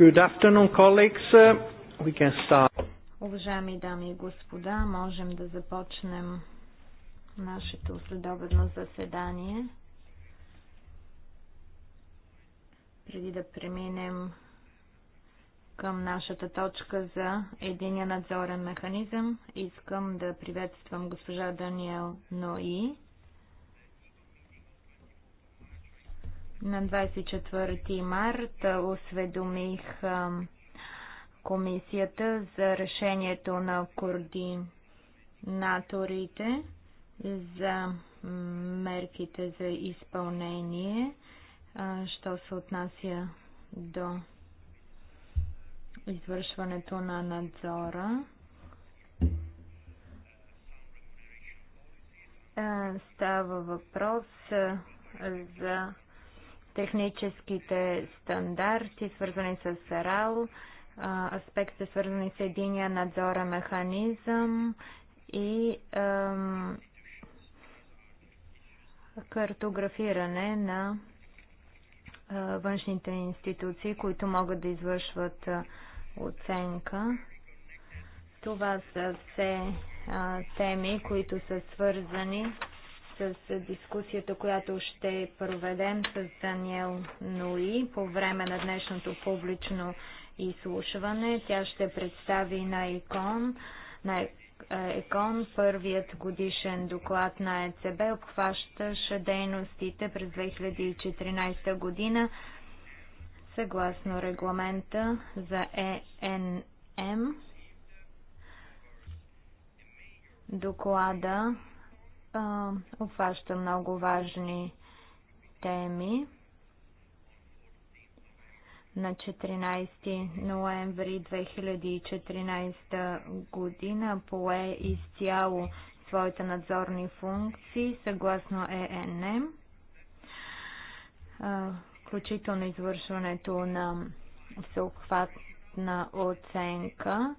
Good afternoon, colleagues. We can start. Уважаеми дами и господа, можем да започнем нашето следобедно заседание. Преди да преминем към нашата точка за единия надзорен механизъм, искам да приветствам госпожа Даниел Нои, На 24 март осведомих комисията за решението на координаторите за мерките за изпълнение, що се отнася до извършването на надзора. Става въпрос за техническите стандарти, свързани с РАЛ, аспекти, свързани с единия надзора механизъм и ем, картографиране на е, външните институции, които могат да извършват е, оценка. Това са все е, теми, които са свързани с дискусията, която ще проведем с Даниел Нуи по време на днешното публично изслушване. Тя ще представи на ИКОН, на е, ЕКОН първият годишен доклад на ЕЦБ, обхващащ дейностите през 2014 година съгласно регламента за ЕНМ. Доклада обхваща много важни теми. На 14 ноември 2014 година пое изцяло своите надзорни функции съгласно ЕНМ, включително извършването на всеобхватна оценка.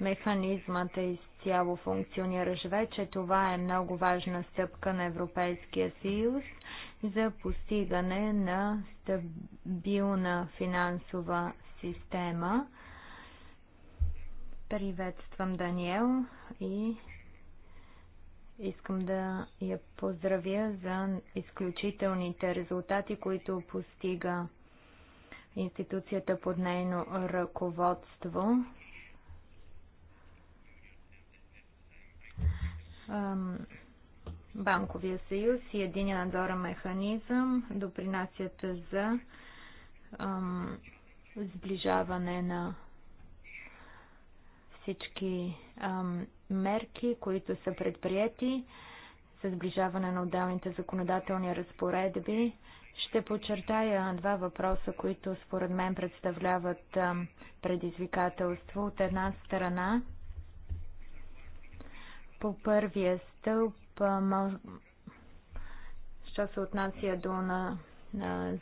Механизмът е изцяло изцяло функциониращ вече, това е много важна стъпка на Европейския съюз за постигане на стабилна финансова система. Приветствам Даниел и искам да я поздравя за изключителните резултати, които постига институцията под нейно ръководство. Банковия съюз и един надзорен механизъм допринасят за сближаване на всички мерки, които са предприяти за сближаване на отделните законодателни разпоредби. Ще подчертая два въпроса, които според мен представляват предизвикателство. От една страна по първия стълб, що се отнася до на, на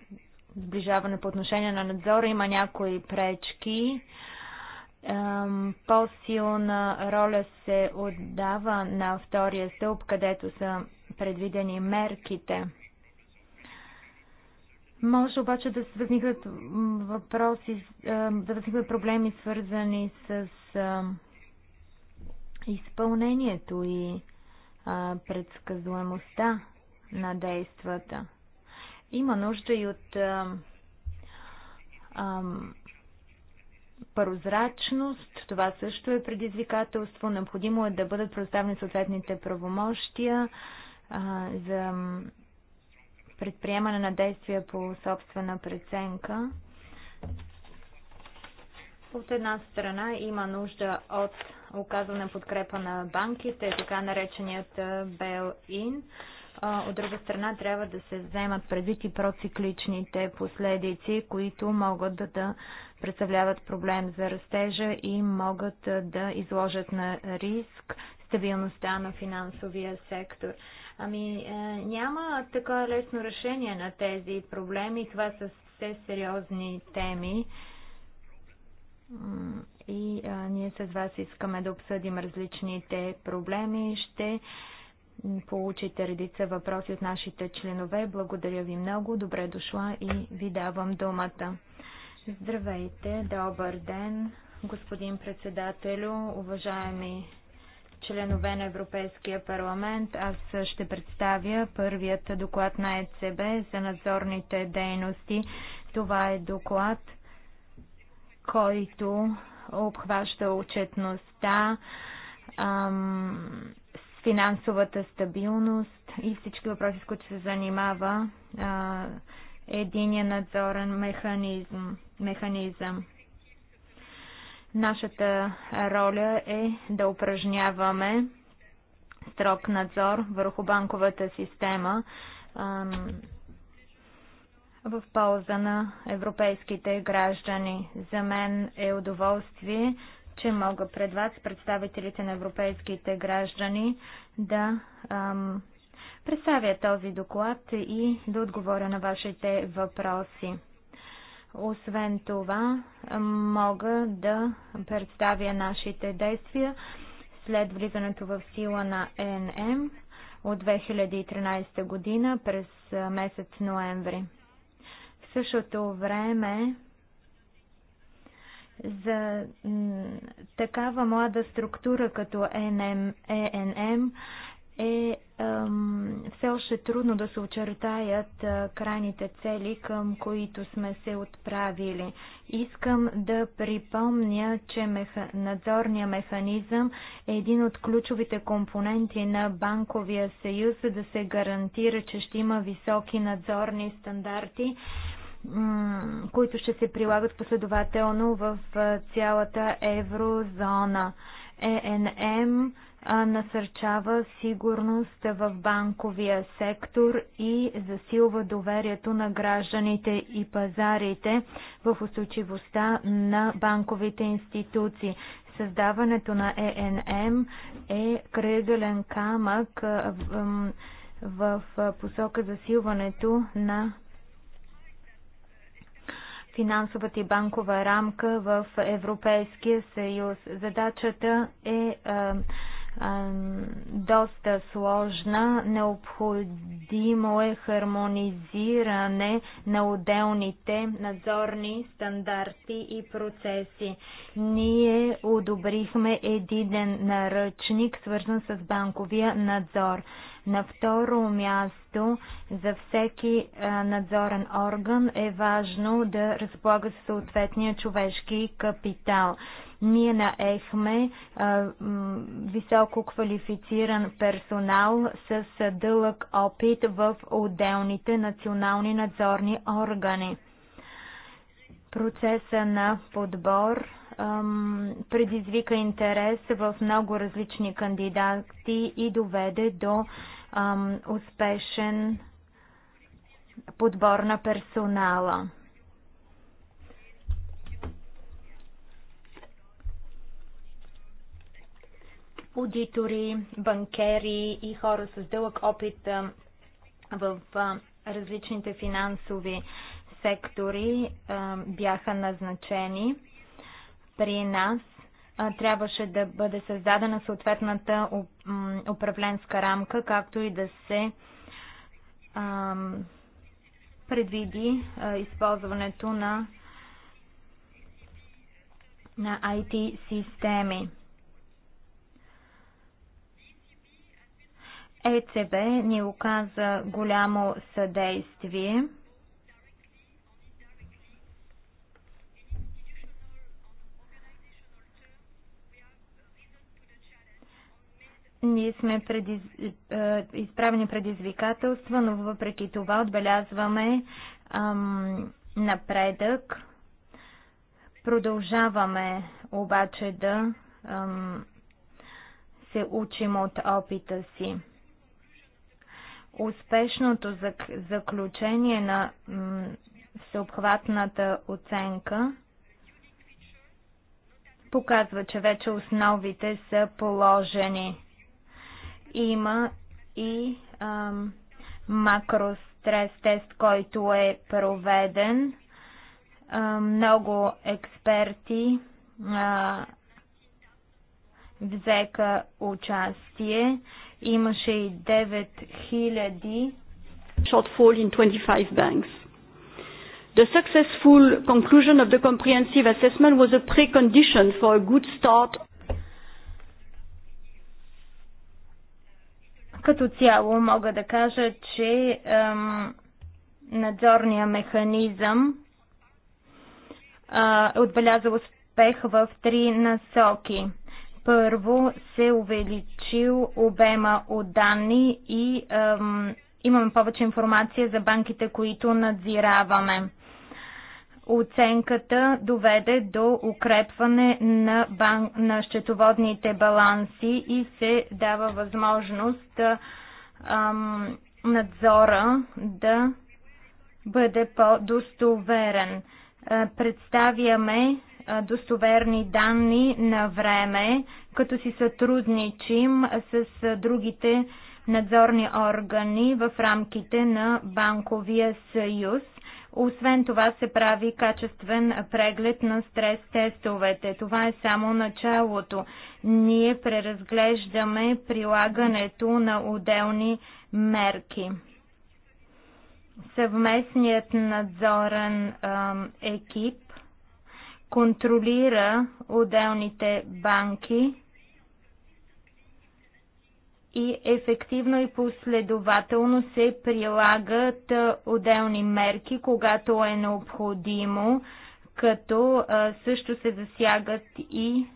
сближаване по отношение на надзора, има някои пречки. По-силна роля се отдава на втория стълб, където са предвидени мерките. Може обаче да възникват въпроси, да възникват проблеми, свързани с изпълнението и а, предсказуемостта на действата. Има нужда и от а, а, прозрачност. Това също е предизвикателство. Необходимо е да бъдат представени съответните правомощия а, за предприемане на действия по собствена преценка. От една страна има нужда от оказване подкрепа на банките, така нареченият Бел-Ин. От друга страна трябва да се вземат предвид и процикличните последици, които могат да, да представляват проблем за растежа и могат да изложат на риск стабилността на финансовия сектор. Ами няма така лесно решение на тези проблеми. Това са все сериозни теми и а, ние с вас искаме да обсъдим различните проблеми. Ще получите редица въпроси от нашите членове. Благодаря ви много. Добре дошла и ви давам думата. Здравейте, добър ден, господин председателю, уважаеми членове на Европейския парламент. Аз ще представя първият доклад на ЕЦБ за надзорните дейности. Това е доклад, който обхваща отчетността, финансовата стабилност и всички въпроси, с които се занимава единия надзорен механизъм. механизъм. Нашата роля е да упражняваме строг надзор върху банковата система в полза на европейските граждани. За мен е удоволствие, че мога пред вас, представителите на европейските граждани, да ам, представя този доклад и да отговоря на вашите въпроси. Освен това, мога да представя нашите действия след влизането в сила на ЕНМ от 2013 година през месец ноември същото време за такава млада структура като ЕНМ, ЕНМ е ем, е, все още трудно да се очертаят е, крайните цели, към които сме се отправили. Искам да припомня, че меха... надзорният механизъм е един от ключовите компоненти на банковия съюз, за да се гарантира, че ще има високи надзорни стандарти които ще се прилагат последователно в цялата еврозона. Е ЕНМ насърчава сигурност в банковия сектор и засилва доверието на гражданите и пазарите в устойчивостта на банковите институции. Създаването на е ЕНМ е кръгълен камък в посока засилването на финансовата и банкова рамка в Европейския съюз. Задачата е а, а, доста сложна. Необходимо е хармонизиране на отделните надзорни стандарти и процеси. Ние одобрихме един наръчник, свързан с банковия надзор. На второ място, за всеки надзорен орган е важно да разполага с съответния човешки капитал. Ние наехме високо квалифициран персонал с дълъг опит в отделните национални надзорни органи. Процеса на подбор предизвика интерес в много различни кандидати и доведе до успешен подбор на персонала. Аудитори, банкери и хора с дълъг опит в различните финансови сектори бяха назначени при нас трябваше да бъде създадена съответната управленска рамка, както и да се предвиди използването на, на IT системи. ЕЦБ ни оказа голямо съдействие. Ние сме предиз... Е, изправени предизвикателства, но въпреки това отбелязваме ам, напредък. Продължаваме обаче да ам, се учим от опита си. Успешното заключение на всеобхватната оценка показва, че вече основите са положени. Има и ам, макрострес тест, който е проведен. Ам, много експерти а, взеха участие. Имаше и 9000 shortfall in 25 banks. The successful conclusion of the comprehensive assessment was a precondition for a good start Като цяло мога да кажа, че ем, надзорния механизъм е отбелязал успех в три насоки. Първо се увеличил обема от данни и ем, имаме повече информация за банките, които надзираваме. Оценката доведе до укрепване на, бан... на счетоводните баланси и се дава възможност ам, надзора да бъде по-достоверен. Е, представяме е, достоверни данни на време, като си сътрудничим с е, другите надзорни органи в рамките на Банковия съюз. Освен това се прави качествен преглед на стрес тестовете. Това е само началото. Ние преразглеждаме прилагането на отделни мерки. Съвместният надзорен екип контролира отделните банки и ефективно и последователно се прилагат отделни мерки, когато е необходимо, като също се засягат и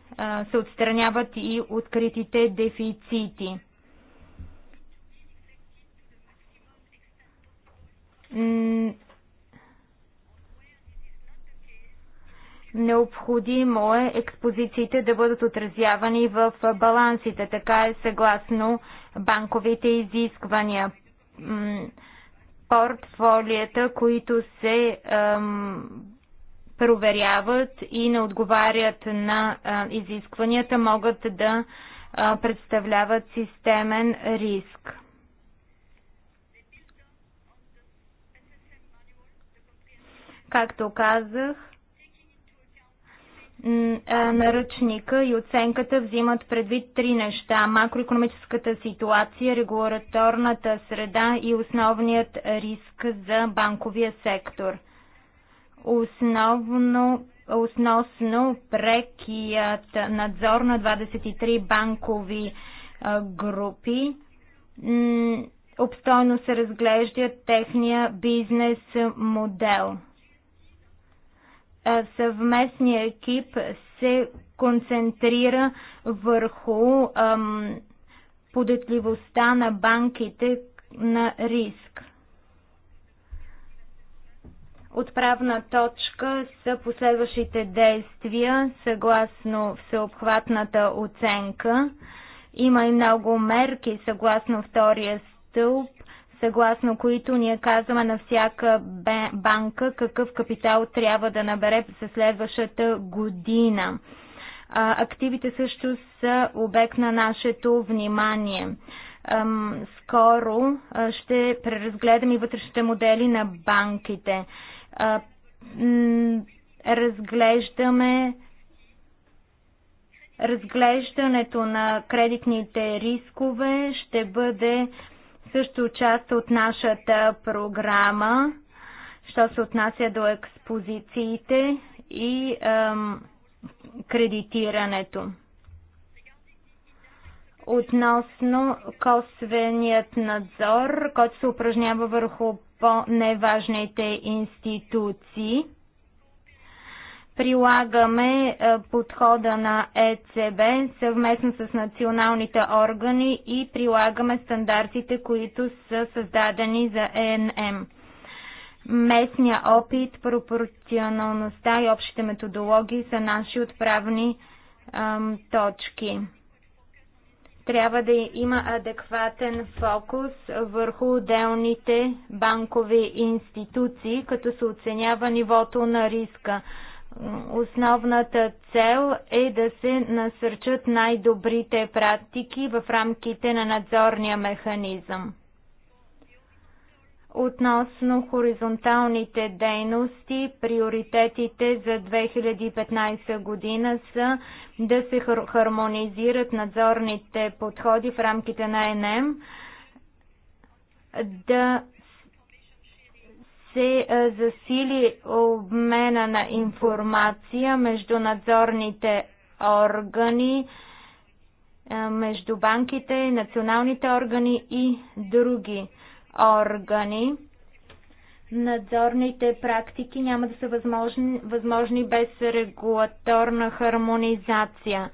се отстраняват и откритите дефицити. Необходимо е експозициите да бъдат отразявани в балансите, така е съгласно банковите изисквания. Портфолията, които се ем, проверяват и не отговарят на е, изискванията, могат да е, представляват системен риск. Както казах, наръчника и оценката взимат предвид три неща – макроекономическата ситуация, регулаторната среда и основният риск за банковия сектор. Основно, основно прекият надзор на 23 банкови групи обстойно се разглеждат техния бизнес модел – съвместния екип се концентрира върху ам, подетливостта на банките на риск. Отправна точка са последващите действия съгласно всеобхватната оценка. Има и много мерки съгласно втория стълб съгласно които ние казваме на всяка банка какъв капитал трябва да набере за следващата година. Активите също са обект на нашето внимание. Скоро ще преразгледаме и вътрешните модели на банките. Разглеждаме разглеждането на кредитните рискове ще бъде също част от нашата програма, що се отнася до експозициите и ем, кредитирането. Относно косвеният надзор, който се упражнява върху по-неважните институции – Прилагаме е, подхода на ЕЦБ съвместно с националните органи и прилагаме стандартите, които са създадени за ЕНМ. Местния опит, пропорционалността и общите методологии са наши отправни ам, точки трябва да има адекватен фокус върху отделните банкови институции, като се оценява нивото на риска. Основната цел е да се насърчат най-добрите практики в рамките на надзорния механизъм. Относно хоризонталните дейности, приоритетите за 2015 година са да се хармонизират надзорните подходи в рамките на НМ, да се засили обмена на информация между надзорните органи, между банките, националните органи и други органи. Надзорните практики няма да са възможни, възможни без регулаторна хармонизация.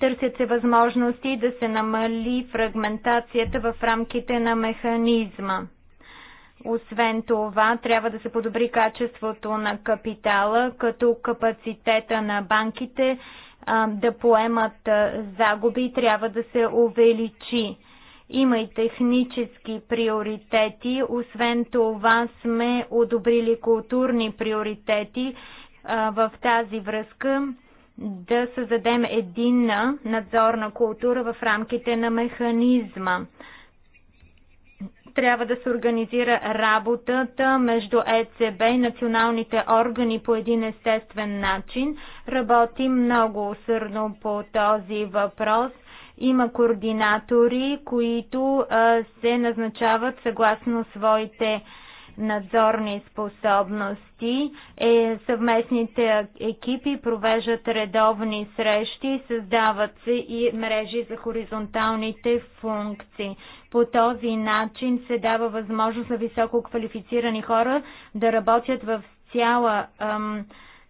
Търсят се възможности да се намали фрагментацията в рамките на механизма. Освен това, трябва да се подобри качеството на капитала, като капацитета на банките да поемат загуби трябва да се увеличи. Има и технически приоритети, освен това сме одобрили културни приоритети. В тази връзка да създадем единна надзорна култура в рамките на механизма. Трябва да се организира работата между ЕЦБ и националните органи по един естествен начин. Работим много усърдно по този въпрос. Има координатори, които се назначават съгласно своите надзорни способности. Е, съвместните екипи провеждат редовни срещи, създават се и мрежи за хоризонталните функции. По този начин се дава възможност на високо квалифицирани хора да работят в цяла ам,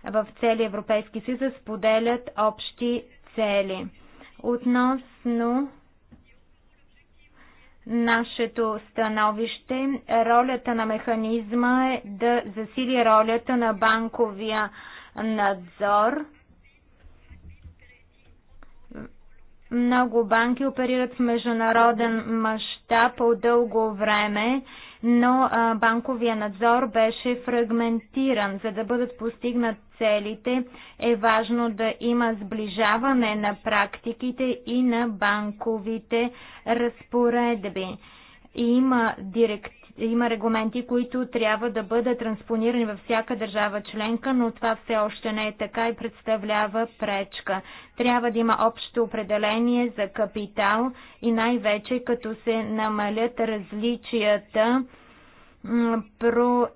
в целия Европейски съюз да споделят общи цели. Относно нашето становище. Ролята на механизма е да засили ролята на банковия надзор. Много банки оперират в международен мащаб от дълго време но а, банковия надзор беше фрагментиран. За да бъдат постигнат целите е важно да има сближаване на практиките и на банковите разпоредби. Има директ има регламенти, които трябва да бъдат транспонирани във всяка държава членка, но това все още не е така и представлява пречка. Трябва да има общо определение за капитал и най-вече като се намалят различията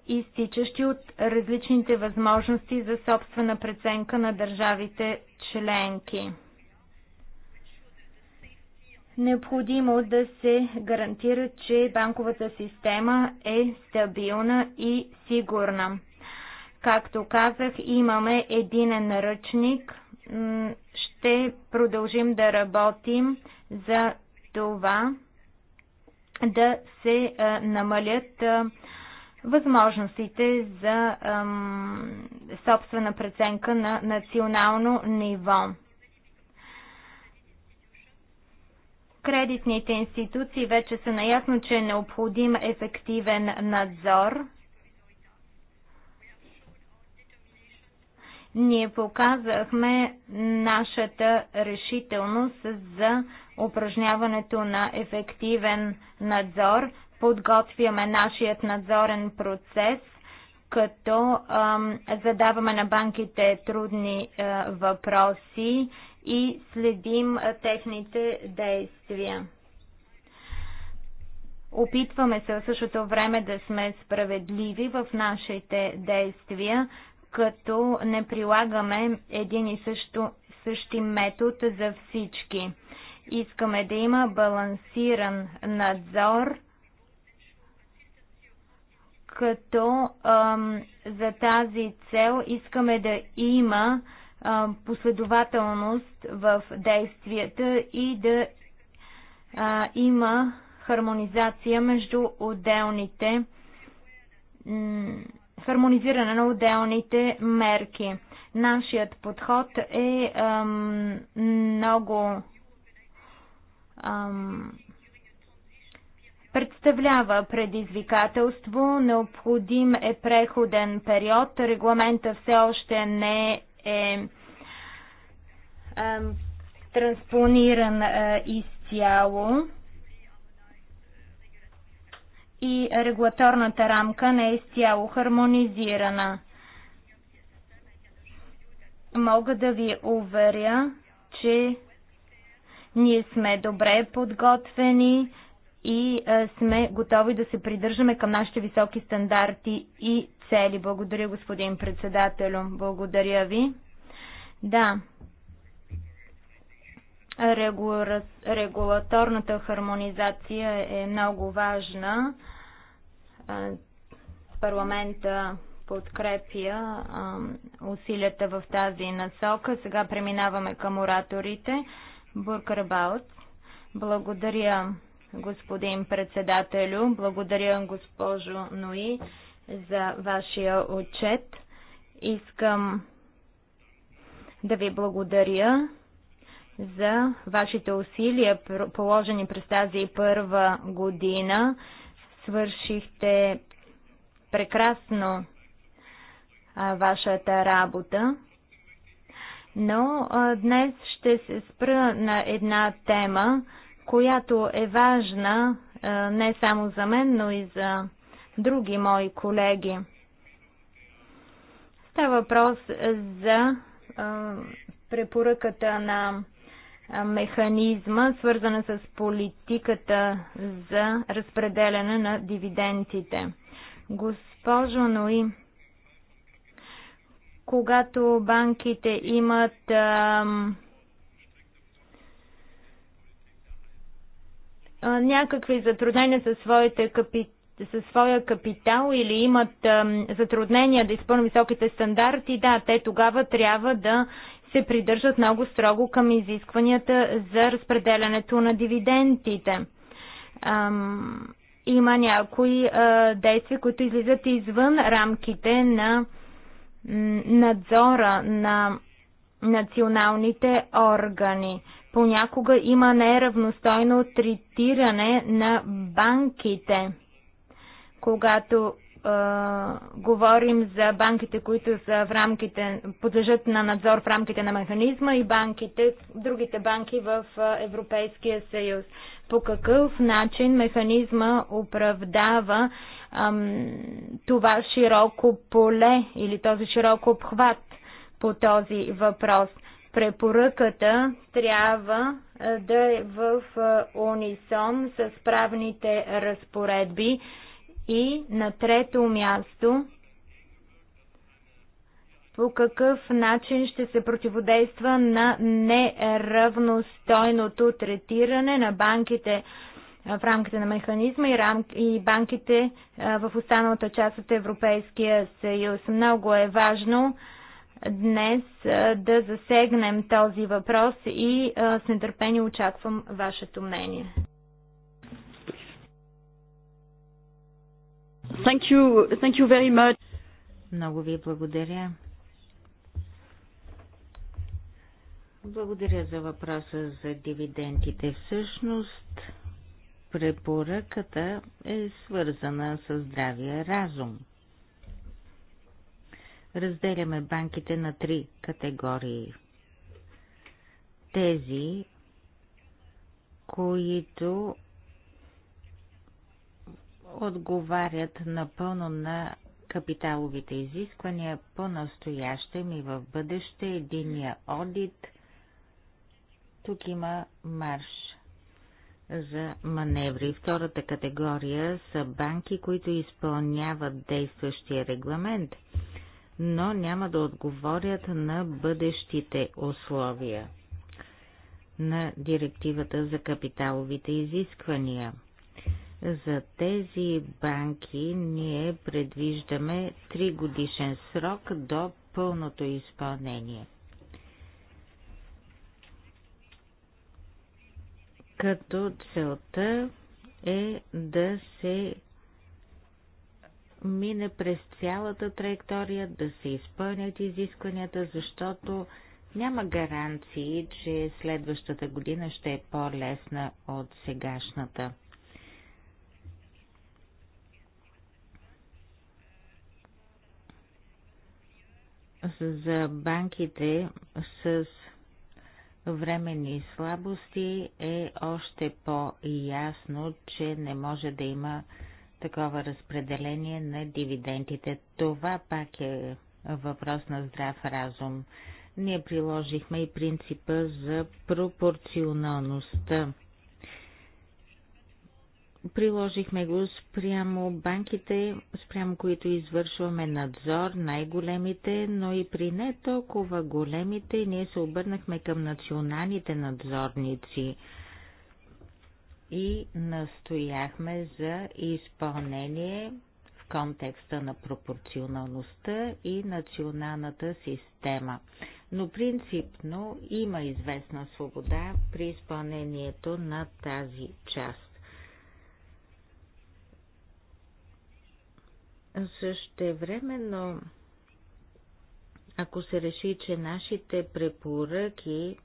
проистичащи от различните възможности за собствена преценка на държавите членки. Необходимо да се гарантира, че банковата система е стабилна и сигурна. Както казах, имаме един наръчник. Ще продължим да работим за това да се намалят възможностите за собствена преценка на национално ниво. Кредитните институции вече са наясно, че е необходим ефективен надзор. Ние показахме нашата решителност за упражняването на ефективен надзор. Подготвяме нашият надзорен процес като ам, задаваме на банките трудни а, въпроси и следим техните действия. Опитваме се в същото време да сме справедливи в нашите действия, като не прилагаме един и също, същи метод за всички. Искаме да има балансиран надзор, като ам, за тази цел искаме да има последователност в действията и да а, има хармонизация между отделните хармонизиране на отделните мерки. Нашият подход е ам, много ам, представлява предизвикателство. Необходим е преходен период. Регламента все още не е е, е транспониран е, изцяло и регулаторната рамка не е изцяло хармонизирана. Мога да ви уверя, че ние сме добре подготвени и е, сме готови да се придържаме към нашите високи стандарти и цели. Благодаря, господин председателю. Благодаря ви. Да. Регулаторната хармонизация е много важна. Парламента подкрепя усилията в тази насока. Сега преминаваме към ораторите. Буркарбаут. Благодаря, господин председателю. Благодаря, госпожо Нои за вашия отчет. Искам да ви благодаря за вашите усилия, положени през тази първа година. Свършихте прекрасно а, вашата работа. Но а, днес ще се спра на една тема, която е важна а, не само за мен, но и за други мои колеги. Става въпрос за а, препоръката на механизма, свързана с политиката за разпределяне на дивидендите. Госпожо Нои, когато банките имат а, някакви затруднения със своите капитали, със своя капитал или имат затруднения да изпълнят високите стандарти, да, те тогава трябва да се придържат много строго към изискванията за разпределянето на дивидендите. Има някои действия, които излизат извън рамките на надзора на националните органи. Понякога има неравностойно третиране на банките когато а, говорим за банките, които са в рамките, подлежат на надзор в рамките на механизма и банките, другите банки в Европейския съюз. По какъв начин механизма оправдава ам, това широко поле или този широк обхват по този въпрос? Препоръката трябва да е в унисон с правните разпоредби, и на трето място, по какъв начин ще се противодейства на неравностойното третиране на банките в рамките на механизма и, рам... и банките в останалата част от Европейския съюз. Много е важно днес да засегнем този въпрос и с нетърпение очаквам вашето мнение. Thank you, thank you very much. Много ви благодаря. Благодаря за въпроса за дивидендите. Всъщност, препоръката е свързана с здравия разум. Разделяме банките на три категории. Тези, които отговарят напълно на капиталовите изисквания по-настоящем и в бъдеще единия одит. Тук има марш за маневри. Втората категория са банки, които изпълняват действащия регламент, но няма да отговорят на бъдещите условия на директивата за капиталовите изисквания. За тези банки ние предвиждаме 3 годишен срок до пълното изпълнение. Като целта е да се мине през цялата траектория, да се изпълнят изискванията, защото няма гаранции, че следващата година ще е по-лесна от сегашната. за банките с временни слабости е още по-ясно, че не може да има такова разпределение на дивидендите. Това пак е въпрос на здрав разум. Ние приложихме и принципа за пропорционалността. Приложихме го спрямо банките, спрямо които извършваме надзор, най-големите, но и при не толкова големите ние се обърнахме към националните надзорници и настояхме за изпълнение в контекста на пропорционалността и националната система. Но принципно има известна свобода при изпълнението на тази част. но ако се реши, че нашите препоръки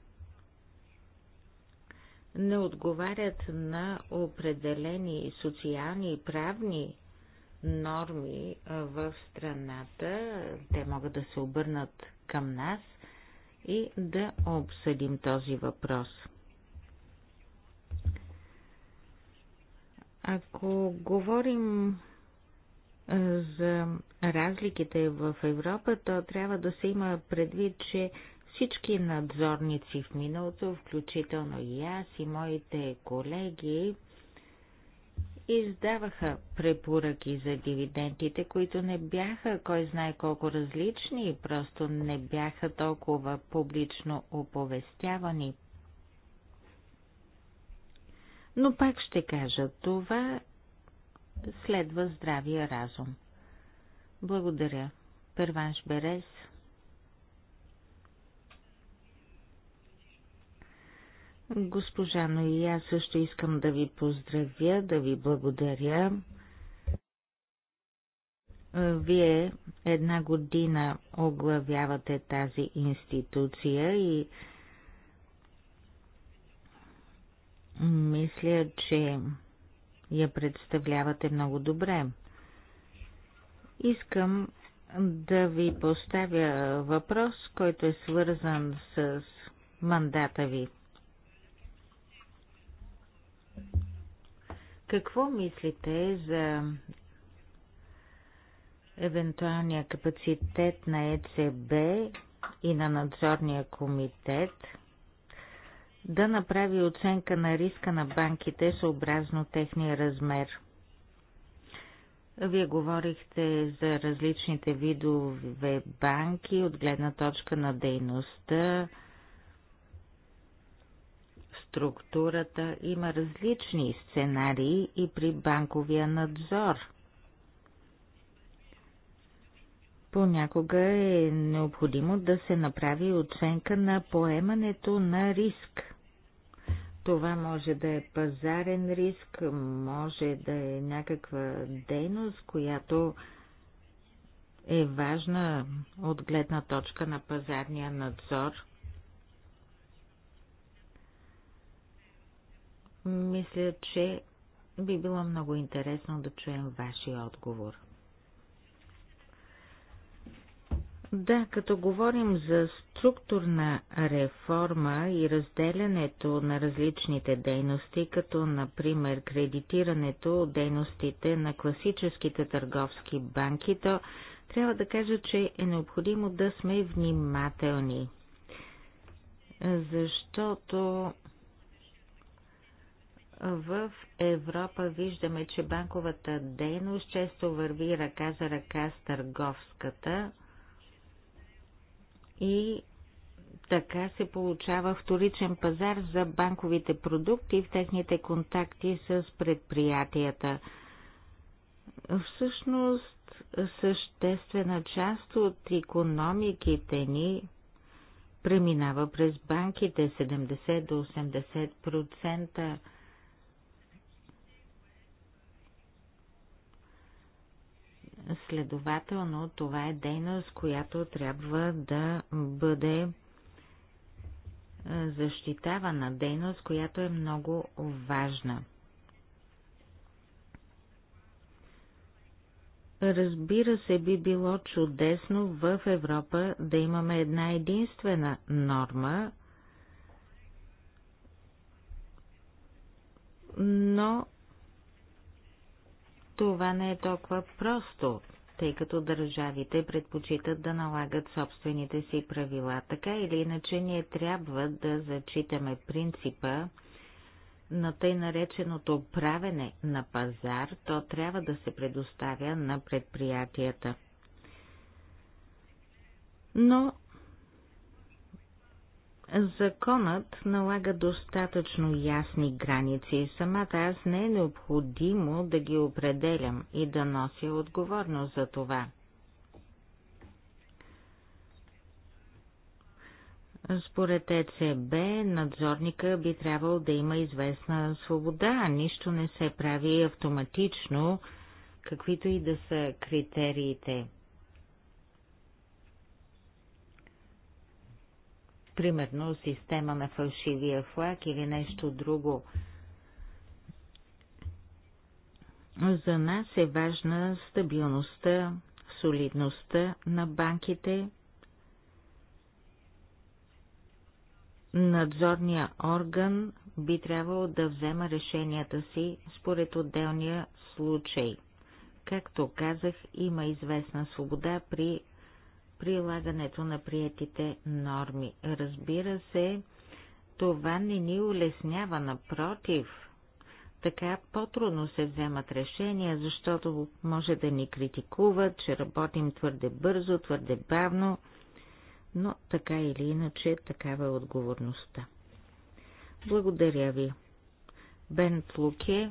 не отговарят на определени социални и правни норми в страната, те могат да се обърнат към нас и да обсъдим този въпрос. Ако говорим за разликите в Европа, то трябва да се има предвид, че всички надзорници в миналото, включително и аз и моите колеги, издаваха препоръки за дивидендите, които не бяха кой знае колко различни и просто не бяха толкова публично оповестявани. Но пак ще кажа, това следва здравия разум. Благодаря. Първанш Берез. Госпожа, но и аз също искам да ви поздравя, да ви благодаря. Вие една година оглавявате тази институция и мисля, че я представлявате много добре. Искам да ви поставя въпрос, който е свързан с мандата ви. Какво мислите за евентуалния капацитет на ЕЦБ и на надзорния комитет – да направи оценка на риска на банките съобразно техния размер. Вие говорихте за различните видове банки от гледна точка на дейността, структурата. Има различни сценарии и при банковия надзор. Понякога е необходимо да се направи оценка на поемането на риск. Това може да е пазарен риск, може да е някаква дейност, която е важна от гледна точка на пазарния надзор. Мисля, че би било много интересно да чуем вашия отговор. Да, като говорим за структурна реформа и разделянето на различните дейности, като например кредитирането от дейностите на класическите търговски банки, то трябва да кажа, че е необходимо да сме внимателни, защото в Европа виждаме, че банковата дейност често върви ръка за ръка с търговската, и така се получава вторичен пазар за банковите продукти в техните контакти с предприятията. Всъщност, съществена част от економиките ни преминава през банките 70 до 80%. Следователно, това е дейност, която трябва да бъде е, защитавана дейност, която е много важна. Разбира се, би било чудесно в Европа да имаме една единствена норма, но това не е толкова просто, тъй като държавите предпочитат да налагат собствените си правила. Така или иначе ние трябва да зачитаме принципа на тъй нареченото правене на пазар, то трябва да се предоставя на предприятията. Но Законът налага достатъчно ясни граници. Самата аз не е необходимо да ги определям и да нося отговорност за това. Според ЕЦБ, надзорника би трябвало да има известна свобода. Нищо не се прави автоматично, каквито и да са критериите. примерно система на фалшивия флаг или нещо друго. За нас е важна стабилността, солидността на банките, надзорния орган би трябвало да взема решенията си според отделния случай. Както казах, има известна свобода при прилагането на приетите норми. Разбира се, това не ни улеснява, напротив. Така по-трудно се вземат решения, защото може да ни критикуват, че работим твърде бързо, твърде бавно, но така или иначе такава е отговорността. Благодаря ви. Бен Плуке.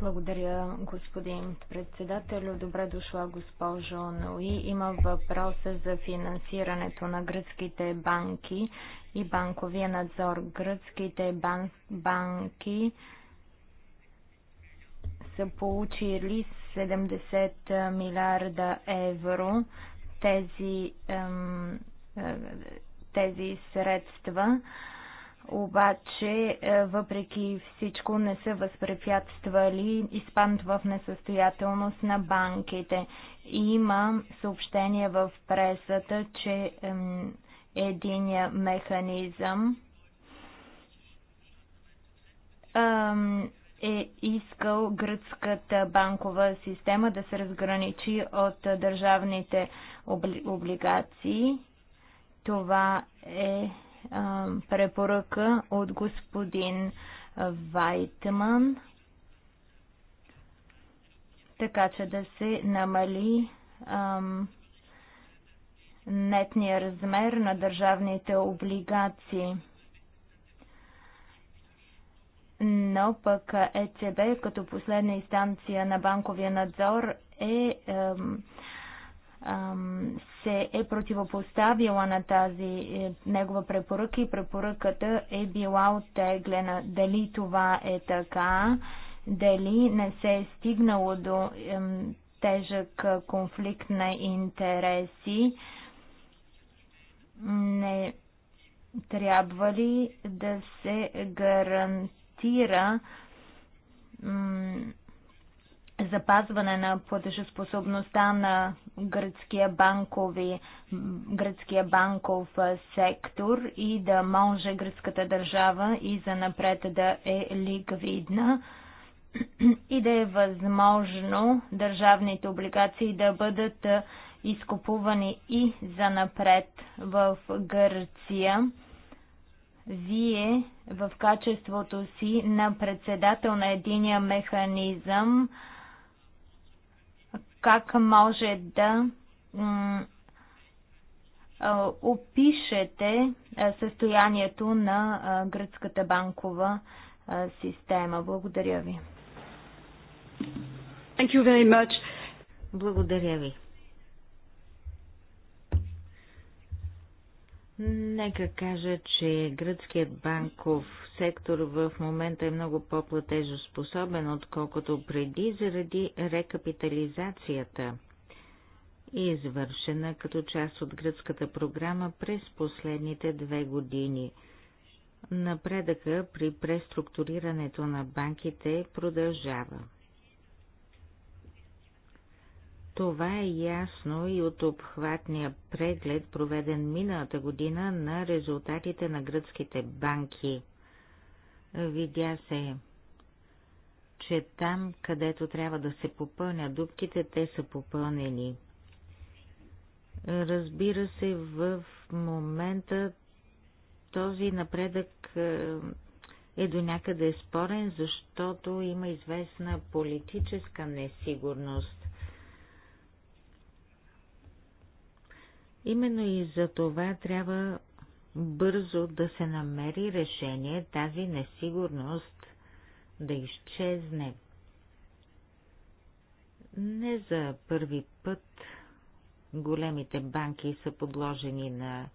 Благодаря, господин председател. Добре дошла, госпожо Нои. Има въпроса за финансирането на гръцките банки и банковия надзор. Гръцките бан... банки са получили 70 милиарда евро. Тези, ем, е, тези средства обаче е, въпреки всичко не са възпрепятствали изпанд в несъстоятелност на банките. Има съобщение в пресата, че един механизъм е искал гръцката банкова система да се разграничи от държавните облигации. Това е препоръка от господин Вайтман, така че да се намали нетния размер на държавните облигации. Но пък ЕЦБ като последна инстанция на банковия надзор е е се е противопоставила на тази е, негова препоръка и препоръката е била оттеглена. Дали това е така, дали не се е стигнало до тежък конфликт на интереси, не трябва ли да се гарантира запазване на платежоспособността на гръцкия, банкови, гръцкия банков сектор и да може гръцката държава и за напред да е ликвидна и да е възможно държавните облигации да бъдат изкупувани и за напред в Гърция. Вие в качеството си на председател на единия механизъм как може да опишете състоянието на гръцката банкова система. Благодаря ви. Thank you very much. Благодаря ви. Нека кажа, че гръцкият банков сектор в момента е много по-платежоспособен, отколкото преди, заради рекапитализацията, извършена като част от гръцката програма през последните две години. Напредъка при преструктурирането на банките продължава. Това е ясно и от обхватния преглед, проведен миналата година на резултатите на гръцките банки. Видя се, че там, където трябва да се попълня дубките, те са попълнени. Разбира се, в момента този напредък е, е до някъде спорен, защото има известна политическа несигурност. Именно и за това трябва бързо да се намери решение тази несигурност да изчезне. Не за първи път големите банки са подложени на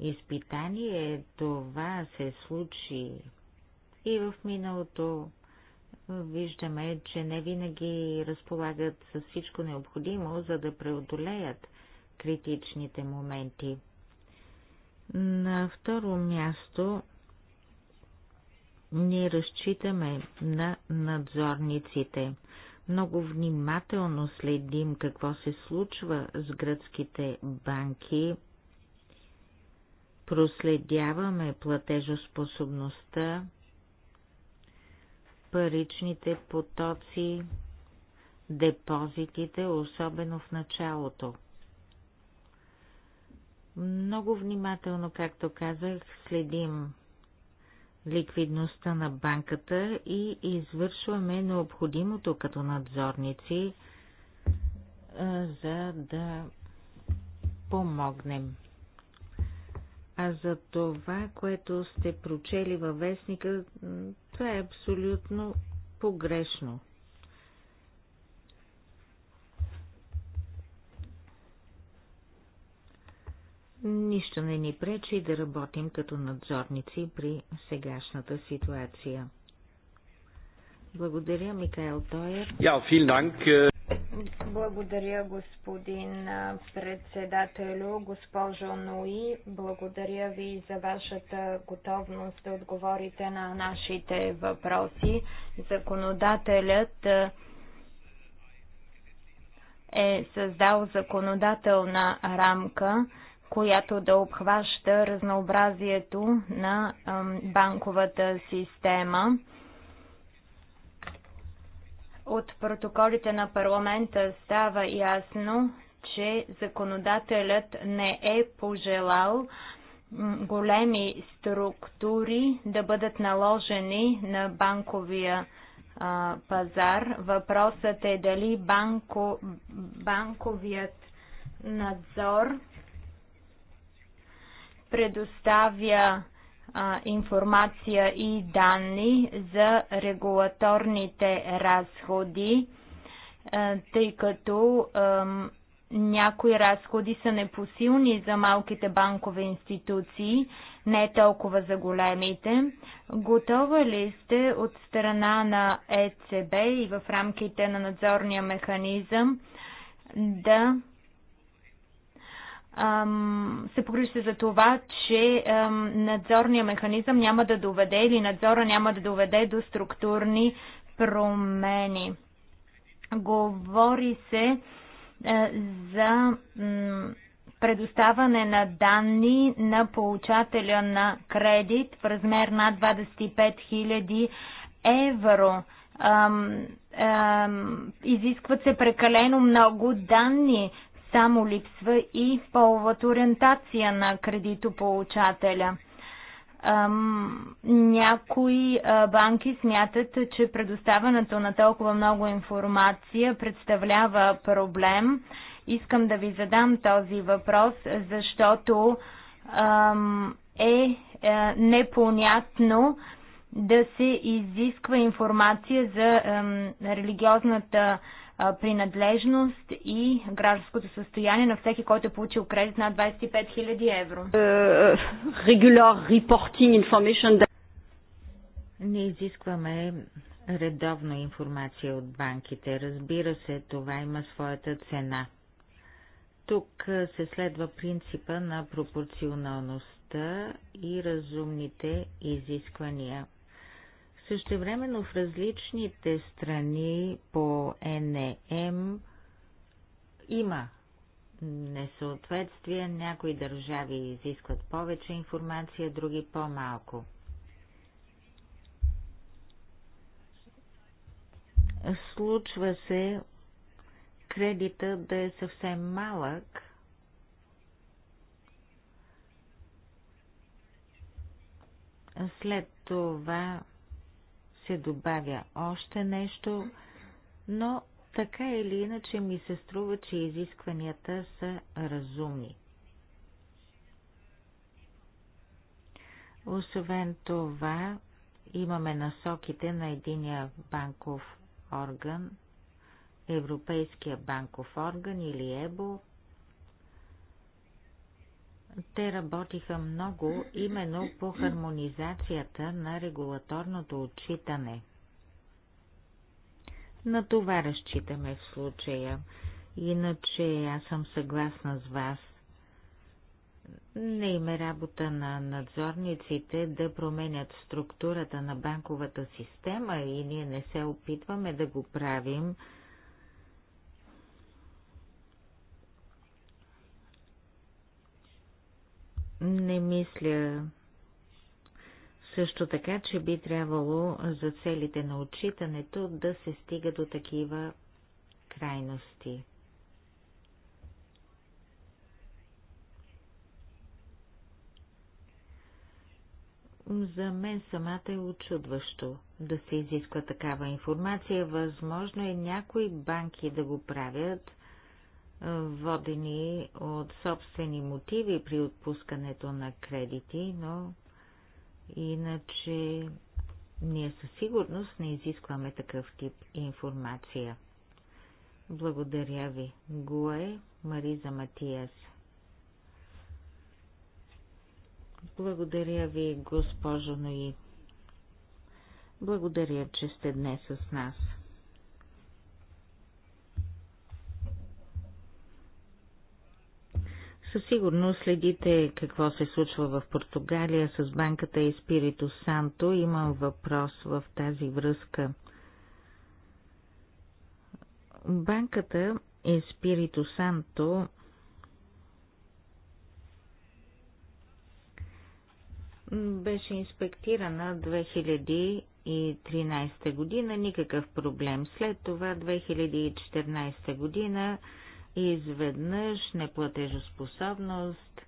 изпитание. Това се случи и в миналото. Виждаме, че не винаги разполагат с всичко необходимо, за да преодолеят критичните моменти – на второ място ние разчитаме на надзорниците. Много внимателно следим какво се случва с гръцките банки. Проследяваме платежоспособността, паричните потоци, депозитите, особено в началото – много внимателно, както казах, следим ликвидността на банката и извършваме необходимото като надзорници, за да помогнем. А за това, което сте прочели във вестника, това е абсолютно погрешно. Нищо не ни пречи да работим като надзорници при сегашната ситуация. Благодаря, Микаел Тойер. Я, vielen äh, Благодаря, господин председателю, госпожо Нуи. Благодаря ви за вашата готовност да отговорите на нашите въпроси. Законодателят е създал законодателна рамка, която да обхваща разнообразието на банковата система. От протоколите на парламента става ясно, че законодателят не е пожелал големи структури да бъдат наложени на банковия а, пазар. Въпросът е дали банко, банковият надзор предоставя а, информация и данни за регулаторните разходи, а, тъй като а, някои разходи са непосилни за малките банкови институции, не толкова за големите. Готова ли сте от страна на ЕЦБ и в рамките на надзорния механизъм да се погрижи за това, че надзорния механизъм няма да доведе или надзора няма да доведе до структурни промени. Говори се е, за предоставане на данни на получателя на кредит в размер на 25 000 евро. Изискват се прекалено много данни само липсва и половата ориентация на кредитополучателя. Някои банки смятат, че предоставянето на толкова много информация представлява проблем. Искам да ви задам този въпрос, защото е, е непонятно да се изисква информация за религиозната принадлежност и гражданското състояние на всеки, който е получил кредит над 25 000 евро. Е, Не изискваме редовна информация от банките. Разбира се, това има своята цена. Тук се следва принципа на пропорционалността и разумните изисквания. Същевременно в различните страни по НЕМ има несъответствия. Някои държави изискват повече информация, други по-малко. Случва се кредита да е съвсем малък, след това се добавя още нещо, но така или иначе ми се струва, че изискванията са разумни. Освен това, имаме насоките на единия банков орган, Европейския банков орган или ЕБО, те работиха много именно по хармонизацията на регулаторното отчитане. На това разчитаме в случая. Иначе аз съм съгласна с вас. Не има работа на надзорниците да променят структурата на банковата система и ние не се опитваме да го правим – Не мисля също така, че би трябвало за целите на отчитането да се стига до такива крайности. За мен самата е очудващо да се изисква такава информация. Възможно е някои банки да го правят, водени от собствени мотиви при отпускането на кредити, но иначе ние със сигурност не изискваме такъв тип информация. Благодаря ви. Гуе Мариза Матиас. Благодаря ви, госпожо Нои. Благодаря, че сте днес с нас. Със сигурност следите какво се случва в Португалия с банката Espirito Santo. Имам въпрос в тази връзка. Банката Espirito Santo беше инспектирана 2013 година, никакъв проблем. След това 2014 година изведнъж неплатежоспособност,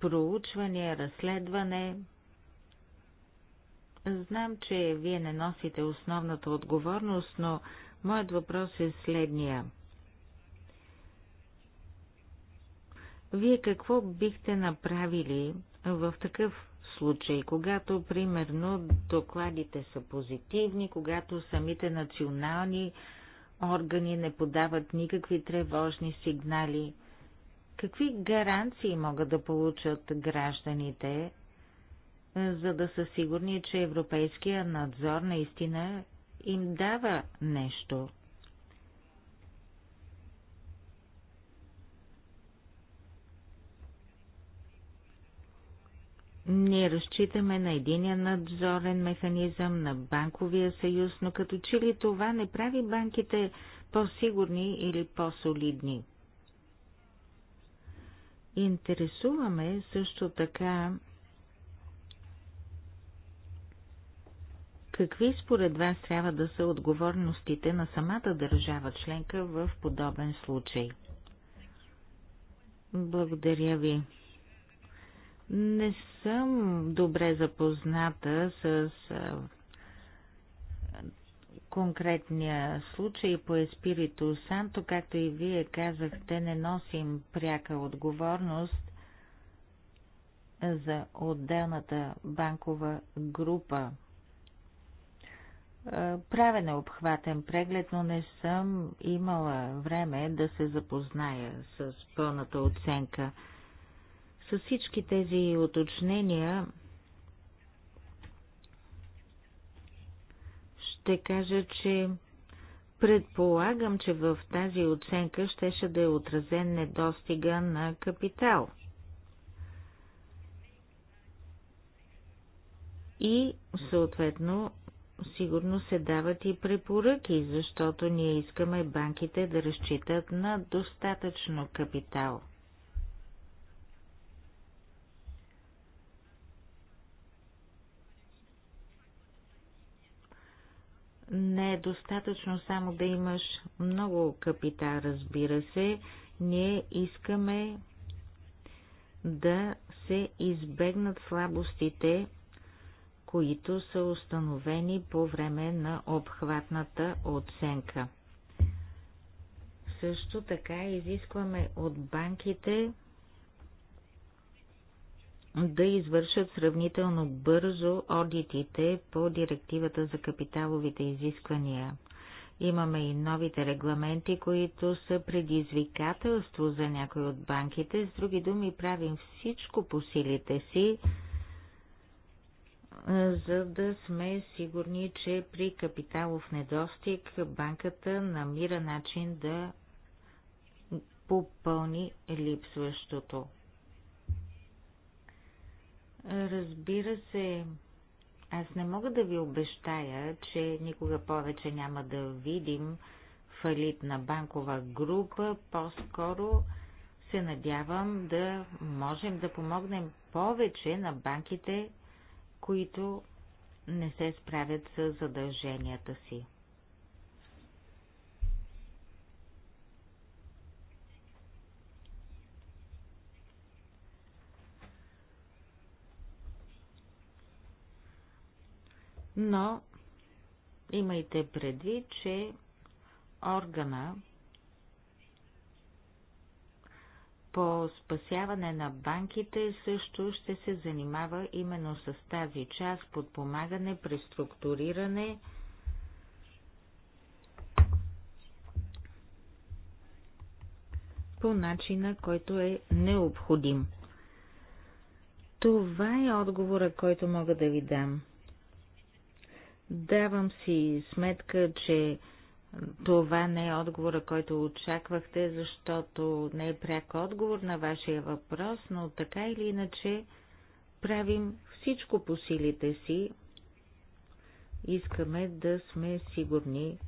проучване, разследване. Знам, че вие не носите основната отговорност, но моят въпрос е следния. Вие какво бихте направили в такъв случай, когато, примерно, докладите са позитивни, когато самите национални органи не подават никакви тревожни сигнали. Какви гаранции могат да получат гражданите, за да са сигурни, че европейския надзор наистина им дава нещо? Ние разчитаме на единия надзорен механизъм, на банковия съюз, но като че ли това не прави банките по-сигурни или по-солидни. Интересуваме също така какви според вас трябва да са отговорностите на самата държава членка в подобен случай. Благодаря ви. Не съм добре запозната с конкретния случай по Еспирито Санто, както и вие казахте, не носим пряка отговорност за отделната банкова група. Правен е обхватен преглед, но не съм имала време да се запозная с пълната оценка. С всички тези уточнения ще кажа, че предполагам, че в тази оценка щеше да е отразен недостига на капитал. И съответно сигурно се дават и препоръки, защото ние искаме банките да разчитат на достатъчно капитал. не е достатъчно само да имаш много капитал, разбира се. Ние искаме да се избегнат слабостите, които са установени по време на обхватната оценка. Също така изискваме от банките да извършат сравнително бързо одитите по директивата за капиталовите изисквания. Имаме и новите регламенти, които са предизвикателство за някои от банките. С други думи, правим всичко по силите си, за да сме сигурни, че при капиталов недостиг банката намира начин да попълни липсващото. Разбира се, аз не мога да ви обещая, че никога повече няма да видим фалит на банкова група. По-скоро се надявам да можем да помогнем повече на банките, които не се справят с задълженията си. но имайте предвид, че органа по спасяване на банките също ще се занимава именно с тази част подпомагане, преструктуриране. по начина, който е необходим. Това е отговора, който мога да ви дам. Давам си сметка, че това не е отговора, който очаквахте, защото не е пряк отговор на вашия въпрос, но така или иначе правим всичко по силите си. Искаме да сме сигурни,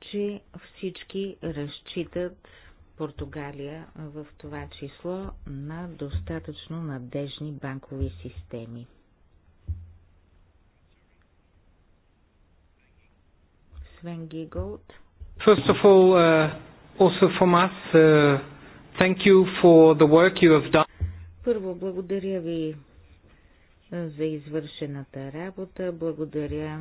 че всички разчитат Португалия в това число на достатъчно надежни банкови системи. Sven Giegold. First of all, uh, also from us, uh, thank you for the work you have done. Първо, благодаря ви за извършената работа. Благодаря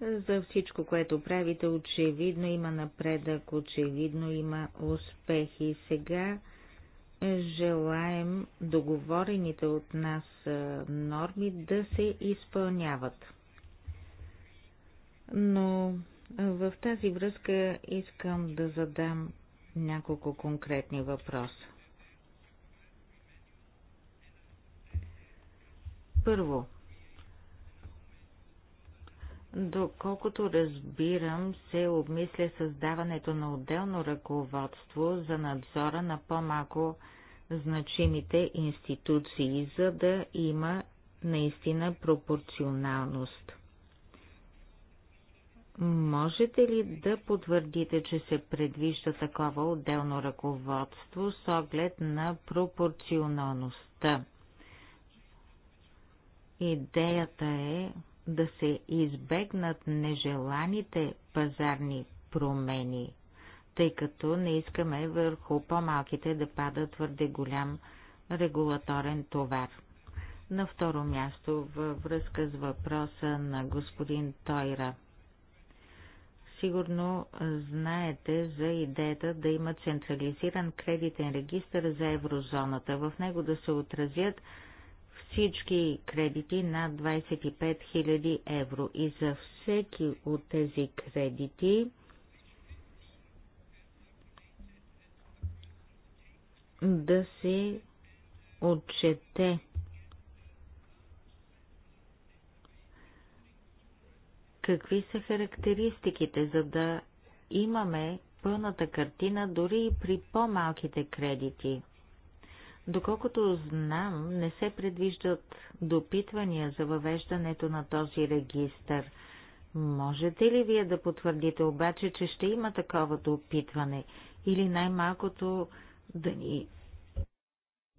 за всичко, което правите. Очевидно има напредък, очевидно има успехи. Сега желаем договорените от нас норми да се изпълняват но в тази връзка искам да задам няколко конкретни въпроса. Първо, Доколкото разбирам, се обмисля създаването на отделно ръководство за надзора на по-малко значимите институции, за да има наистина пропорционалност. Можете ли да потвърдите, че се предвижда такова отделно ръководство с оглед на пропорционалността? Идеята е да се избегнат нежеланите пазарни промени, тъй като не искаме върху по-малките да пада твърде голям регулаторен товар. На второ място във връзка с въпроса на господин Тойра – Сигурно знаете за идеята да има централизиран кредитен регистр за еврозоната. В него да се отразят всички кредити над 25 000 евро и за всеки от тези кредити да се отчете какви са характеристиките, за да имаме пълната картина дори и при по-малките кредити. Доколкото знам, не се предвиждат допитвания за въвеждането на този регистър. Можете ли вие да потвърдите обаче, че ще има такова допитване или най-малкото да ни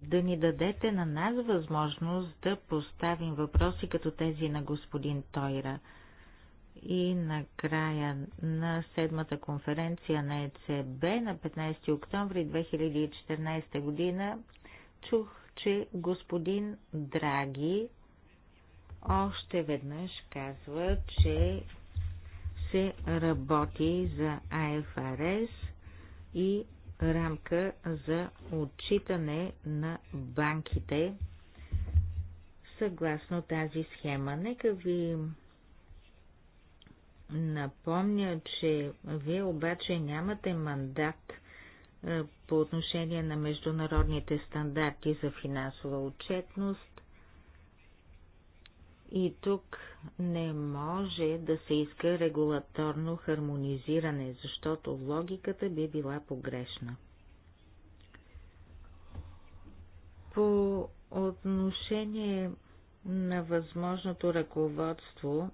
да ни дадете на нас възможност да поставим въпроси като тези на господин Тойра? И накрая на седмата конференция на ЕЦБ на 15 октомври 2014 година чух, че господин Драги още веднъж казва, че се работи за АФРС и рамка за отчитане на банките съгласно тази схема. Нека ви напомня, че вие обаче нямате мандат е, по отношение на международните стандарти за финансова отчетност и тук не може да се иска регулаторно хармонизиране, защото логиката би била погрешна. По отношение на възможното ръководство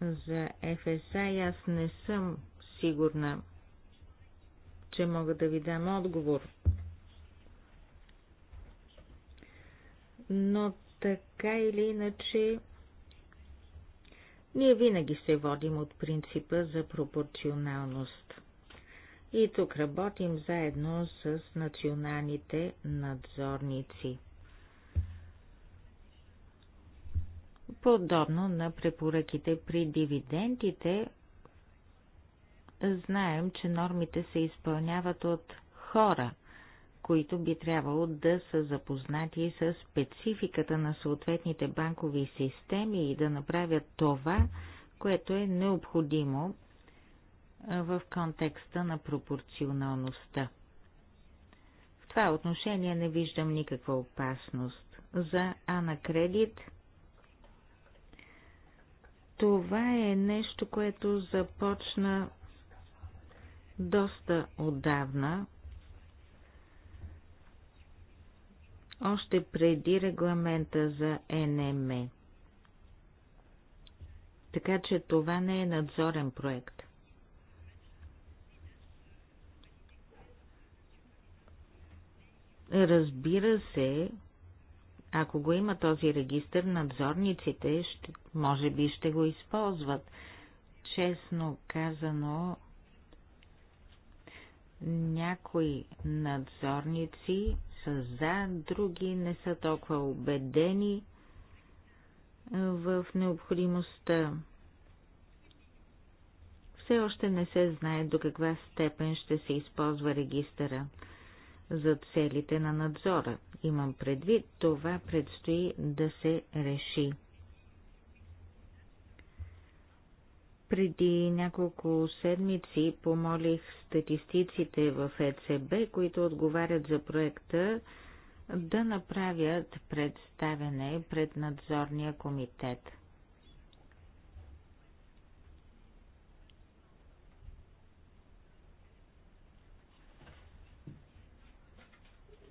за ФСА и аз не съм сигурна, че мога да ви дам отговор. Но така или иначе, ние винаги се водим от принципа за пропорционалност. И тук работим заедно с националните надзорници. Подобно на препоръките при дивидендите, знаем, че нормите се изпълняват от хора, които би трябвало да са запознати с спецификата на съответните банкови системи и да направят това, което е необходимо в контекста на пропорционалността. В това отношение не виждам никаква опасност. За Анакредит това е нещо, което започна доста отдавна, още преди регламента за НМЕ. Така че това не е надзорен проект. Разбира се, ако го има този регистр, надзорниците ще, може би ще го използват. Честно казано, някои надзорници са за, други не са толкова убедени в необходимостта. Все още не се знае до каква степен ще се използва регистъра за целите на надзорът имам предвид, това предстои да се реши. Преди няколко седмици помолих статистиците в ЕЦБ, които отговарят за проекта, да направят представене пред надзорния комитет.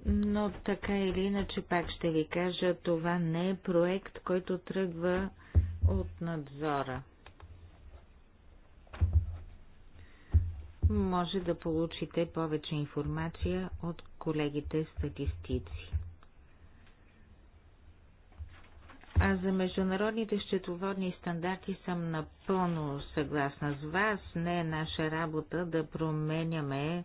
но така или иначе пак ще ви кажа, това не е проект, който тръгва от надзора. Може да получите повече информация от колегите статистици. А за международните счетоводни стандарти съм напълно съгласна с вас. Не е наша работа да променяме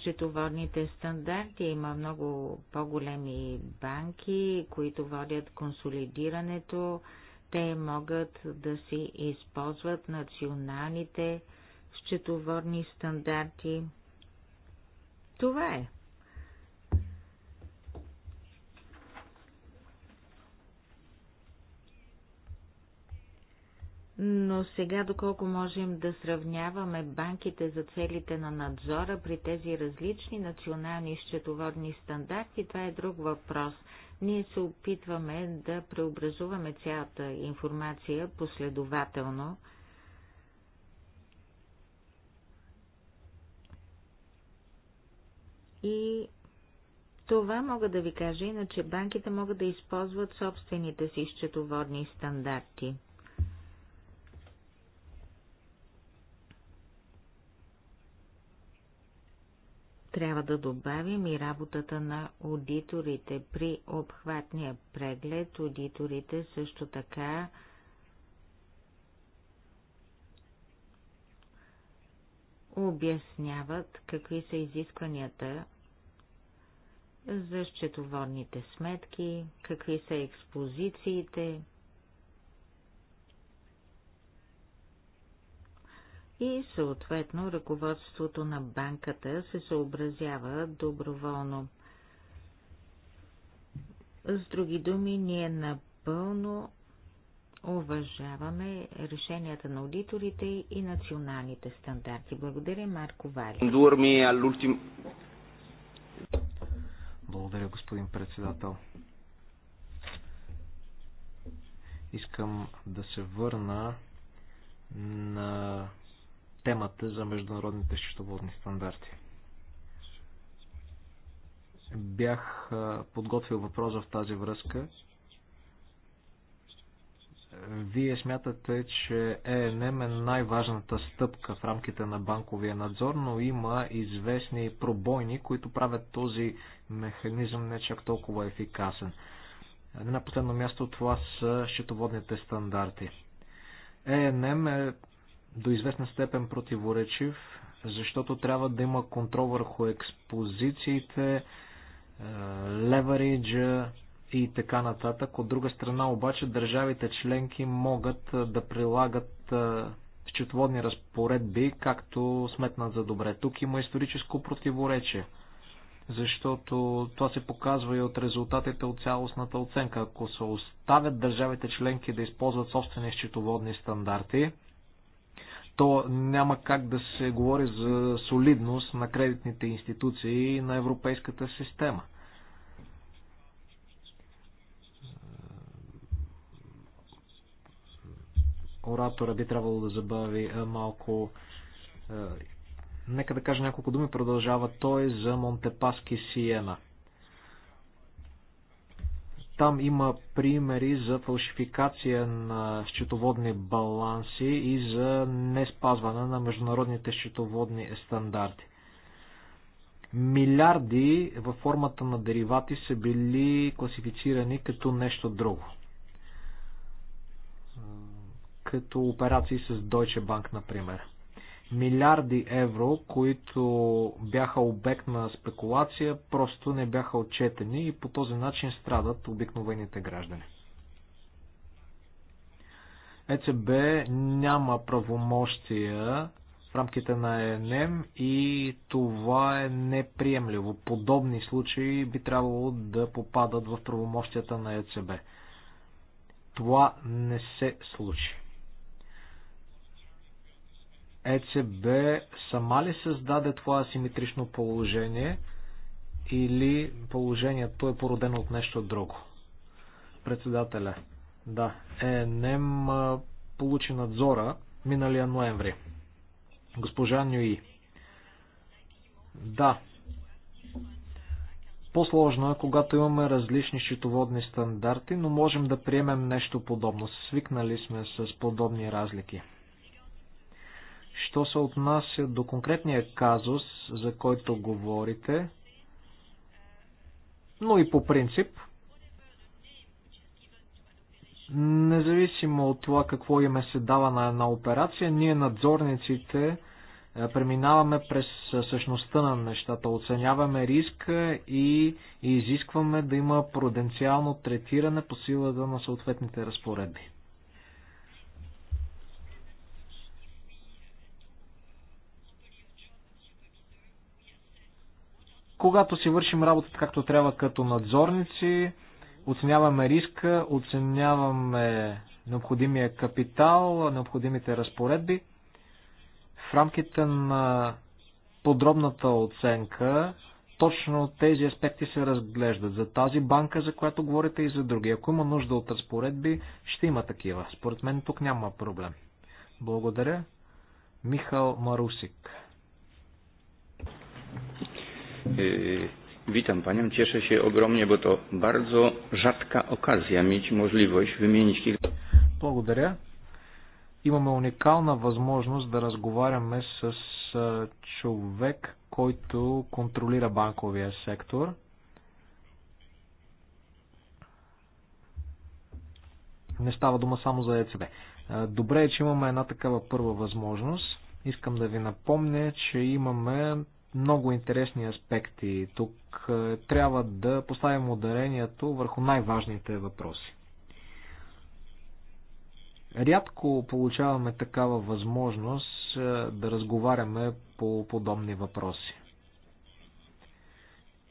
счетоводните стандарти. Има много по-големи банки, които водят консолидирането. Те могат да си използват националните счетоводни стандарти. Това е. но сега доколко можем да сравняваме банките за целите на надзора при тези различни национални счетоводни стандарти, това е друг въпрос. Ние се опитваме да преобразуваме цялата информация последователно. И това мога да ви кажа, иначе банките могат да използват собствените си счетоводни стандарти – Трябва да добавим и работата на аудиторите. При обхватния преглед аудиторите също така обясняват какви са изискванията за счетоводните сметки, какви са експозициите, и съответно ръководството на банката се съобразява доброволно. С други думи, ние напълно уважаваме решенията на аудиторите и националните стандарти. Благодаря, Марко Вали. Благодаря, господин председател. Искам да се върна на темата за международните счетоводни стандарти. Бях подготвил въпроса в тази връзка. Вие смятате, че ЕНМ е най-важната стъпка в рамките на банковия надзор, но има известни пробойни, които правят този механизъм не чак толкова ефикасен. На последно място това са счетоводните стандарти. ЕНМ е до известна степен противоречив, защото трябва да има контрол върху експозициите, е, левериджа и така нататък. От друга страна обаче държавите членки могат е, да прилагат е, счетоводни разпоредби, както сметнат за добре. Тук има историческо противоречие, защото това се показва и от резултатите от цялостната оценка. Ако се оставят държавите членки да използват собствени счетоводни стандарти, то няма как да се говори за солидност на кредитните институции и на европейската система. Оратора би трябвало да забави малко. Нека да кажа няколко думи. Продължава той за Монтепаски Сиена – там има примери за фалшификация на счетоводни баланси и за не спазване на международните счетоводни стандарти. Милиарди във формата на деривати са били класифицирани като нещо друго. Като операции с Deutsche Bank, например милиарди евро, които бяха обект на спекулация, просто не бяха отчетени и по този начин страдат обикновените граждани. ЕЦБ няма правомощия в рамките на ЕНМ и това е неприемливо. Подобни случаи би трябвало да попадат в правомощията на ЕЦБ. Това не се случи. ЕЦБ сама ли създаде това асиметрично положение или положението е породено от нещо друго? Председателя. Да, е, НЕМ получи надзора миналия ноември. Госпожа Нюи. Да. По-сложно е, когато имаме различни счетоводни стандарти, но можем да приемем нещо подобно. Свикнали сме с подобни разлики. Що се отнася до конкретния казус, за който говорите, но и по принцип, независимо от това какво име се дава на една операция, ние надзорниците е, преминаваме през е, същността на нещата, оценяваме риска и изискваме да има пруденциално третиране по силата на съответните разпоредби. Когато си вършим работата както трябва като надзорници, оценяваме риска, оценяваме необходимия капитал, необходимите разпоредби. В рамките на подробната оценка точно тези аспекти се разглеждат. За тази банка, за която говорите и за други. Ако има нужда от разпоредби, ще има такива. Според мен тук няма проблем. Благодаря. Михал Марусик. Witam Panią, cieszę się ogromnie, bo to bardzo rzadka okazja mieć możliwość wymienić kilka... Благодаря. Имаме уникална възможност да разговаряме с е, човек, който контролира банковия сектор. Не става дума само за ЕЦБ. Е, добре е, че имаме една такава първа възможност. Искам да ви напомня, че имаме много интересни аспекти. Тук е, трябва да поставим ударението върху най-важните въпроси. Рядко получаваме такава възможност е, да разговаряме по подобни въпроси.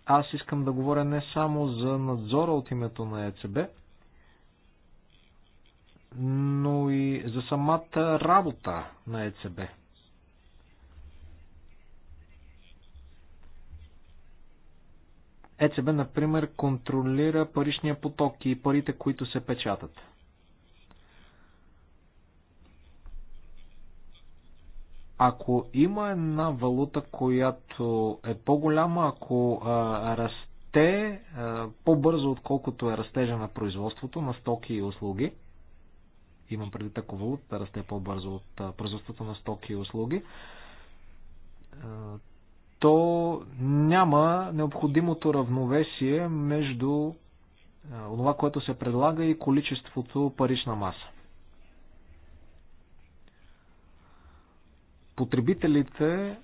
Аз искам да говоря не само за надзора от името на ЕЦБ, но и за самата работа на ЕЦБ. ЕЦБ, например, контролира паричния поток и парите, които се печатат. Ако има една валута, която е по-голяма, ако а, расте а, по-бързо, отколкото е растежа на производството на стоки и услуги, имам преди такова валута расте по-бързо от а, производството на стоки и услуги, то няма необходимото равновесие между това, което се предлага и количеството парична маса. Потребителите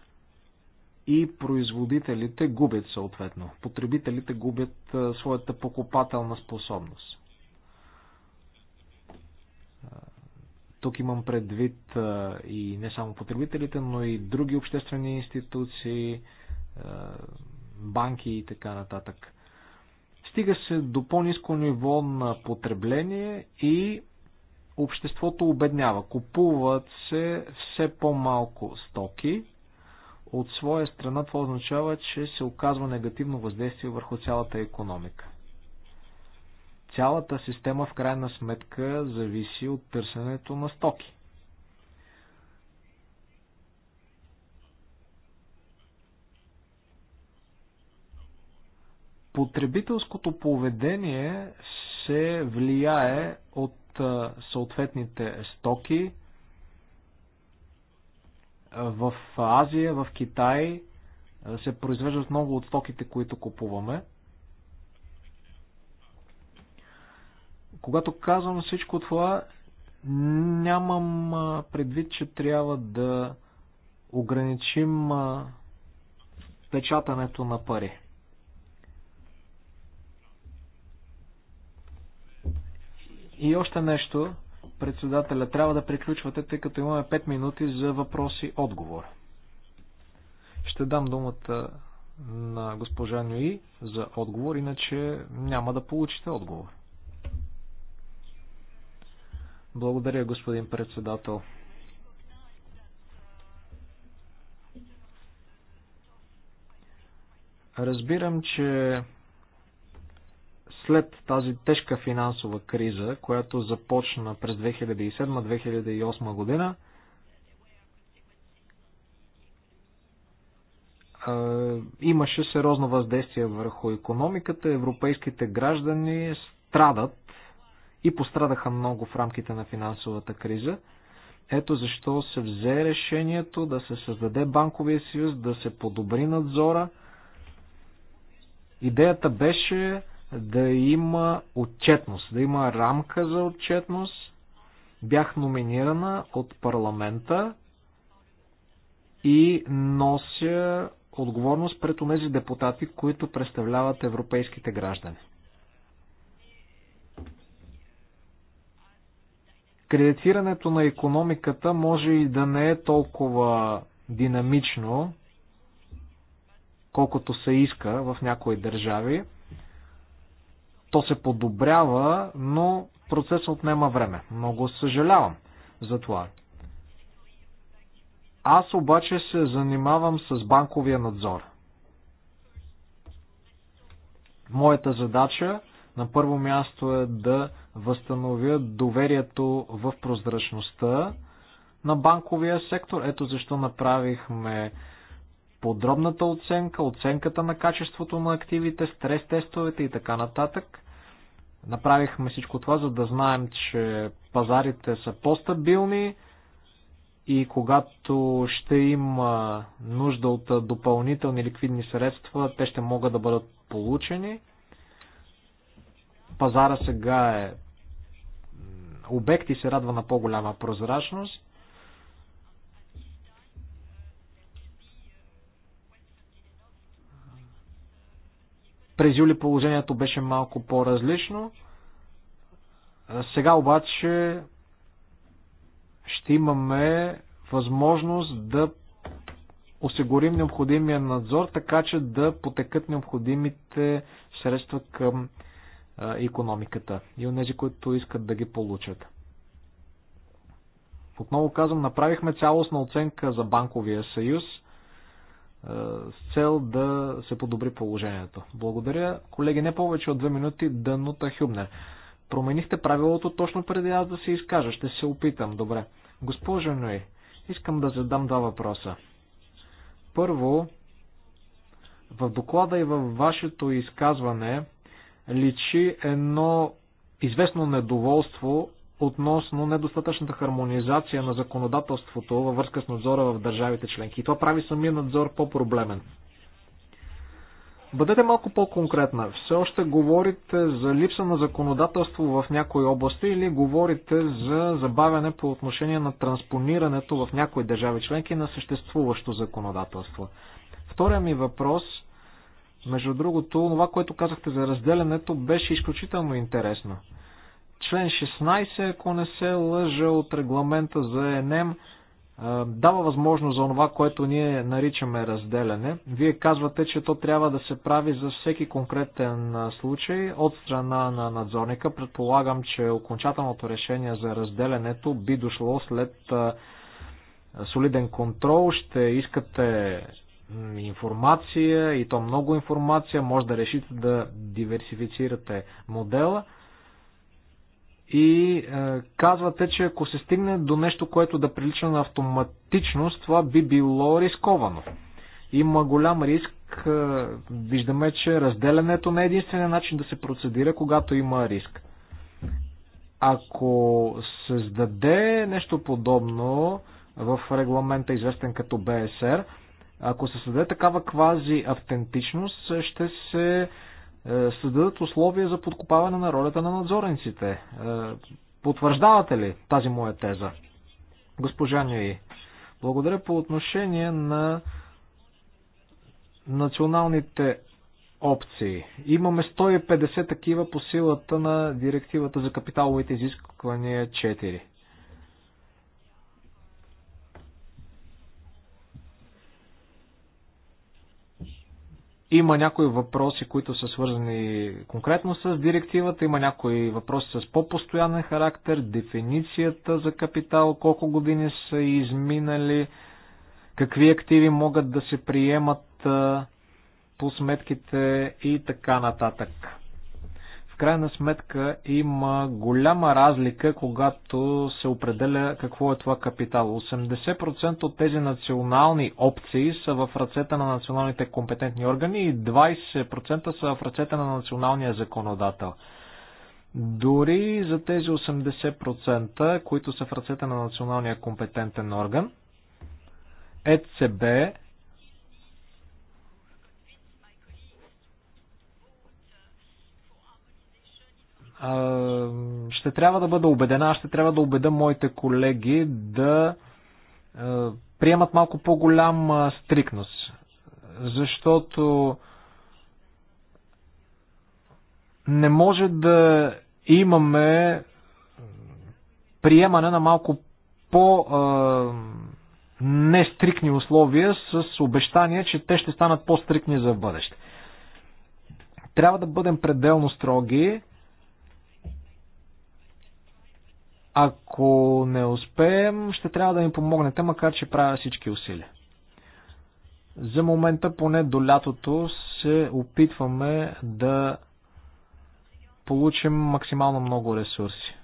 и производителите губят съответно. Потребителите губят своята покупателна способност. Тук имам предвид и не само потребителите, но и други обществени институции, банки и така нататък. Стига се до по-низко ниво на потребление и обществото обеднява. Купуват се все по-малко стоки. От своя страна това означава, че се оказва негативно въздействие върху цялата економика. Цялата система в крайна сметка зависи от търсенето на стоки. Потребителското поведение се влияе от съответните стоки в Азия, в Китай се произвеждат много от стоките, които купуваме. Когато казвам всичко това, нямам предвид, че трябва да ограничим печатането на пари. И още нещо, председателя, трябва да приключвате, тъй като имаме 5 минути за въпроси-отговор. Ще дам думата на госпожа Нюи за отговор, иначе няма да получите отговор. Благодаря, господин председател. Разбирам, че след тази тежка финансова криза, която започна през 2007-2008 година, имаше сериозно въздействие върху економиката, европейските граждани страдат и пострадаха много в рамките на финансовата криза. Ето защо се взе решението да се създаде банковия съюз, да се подобри надзора. Идеята беше да има отчетност, да има рамка за отчетност. Бях номинирана от парламента и нося отговорност пред тези депутати, които представляват европейските граждани. Кредитирането на економиката може и да не е толкова динамично, колкото се иска в някои държави. То се подобрява, но процесът отнема време. Много съжалявам за това. Аз обаче се занимавам с банковия надзор. Моята задача на първо място е да възстановят доверието в прозрачността на банковия сектор. Ето защо направихме подробната оценка, оценката на качеството на активите, стрес тестовете и така нататък. Направихме всичко това, за да знаем, че пазарите са по-стабилни и когато ще има нужда от допълнителни ликвидни средства, те ще могат да бъдат получени. Пазара сега е обект и се радва на по-голяма прозрачност. През юли положението беше малко по-различно. Сега обаче ще имаме възможност да осигурим необходимия надзор, така че да потекат необходимите средства към економиката и от тези, които искат да ги получат. Отново казвам, направихме цялостна оценка за банковия съюз с цел да се подобри положението. Благодаря, колеги, не повече от две минути, Данута Хюбнер. Променихте правилото точно преди аз да се изкажа. Ще се опитам. Добре. Госпожа Нуи, искам да задам два въпроса. Първо, в доклада и във вашето изказване личи едно известно недоволство относно недостатъчната хармонизация на законодателството във връзка с надзора в държавите членки. И това прави самия надзор по-проблемен. Бъдете малко по-конкретна. Все още говорите за липса на законодателство в някои области или говорите за забавяне по отношение на транспонирането в някои държави членки на съществуващо законодателство? Втория ми въпрос – между другото, това, което казахте за разделянето, беше изключително интересно. Член 16, ако не се лъжа от регламента за ЕНЕМ, дава възможност за това, което ние наричаме разделяне. Вие казвате, че то трябва да се прави за всеки конкретен случай от страна на надзорника. Предполагам, че окончателното решение за разделянето би дошло след солиден контрол. Ще искате информация и то много информация, може да решите да диверсифицирате модела и е, казвате, че ако се стигне до нещо, което да прилича на автоматичност, това би било рисковано. Има голям риск. Е, виждаме, че разделянето не е единствения начин да се процедира, когато има риск. Ако създаде нещо подобно в регламента, известен като БСР, ако се създаде такава квази автентичност, ще се е, създадат условия за подкопаване на ролята на надзорниците. Е, потвърждавате ли тази моя теза? Госпожа Нюи, благодаря по отношение на националните опции. Имаме 150 такива по силата на директивата за капиталовите изисквания 4. Има някои въпроси, които са свързани конкретно с директивата, има някои въпроси с по-постоянен характер, дефиницията за капитал, колко години са изминали, какви активи могат да се приемат по сметките и така нататък крайна сметка има голяма разлика, когато се определя какво е това капитал. 80% от тези национални опции са в ръцете на националните компетентни органи и 20% са в ръцете на националния законодател. Дори за тези 80%, които са в ръцете на националния компетентен орган, ЕЦБ ще трябва да бъда убедена, аз ще трябва да убеда моите колеги да приемат малко по-голям стрикност. Защото не може да имаме приемане на малко по нестрикни условия с обещание, че те ще станат по-стрикни за бъдеще. Трябва да бъдем пределно строги, Ако не успеем, ще трябва да ми помогнете, макар че правя всички усилия. За момента, поне до лятото, се опитваме да получим максимално много ресурси.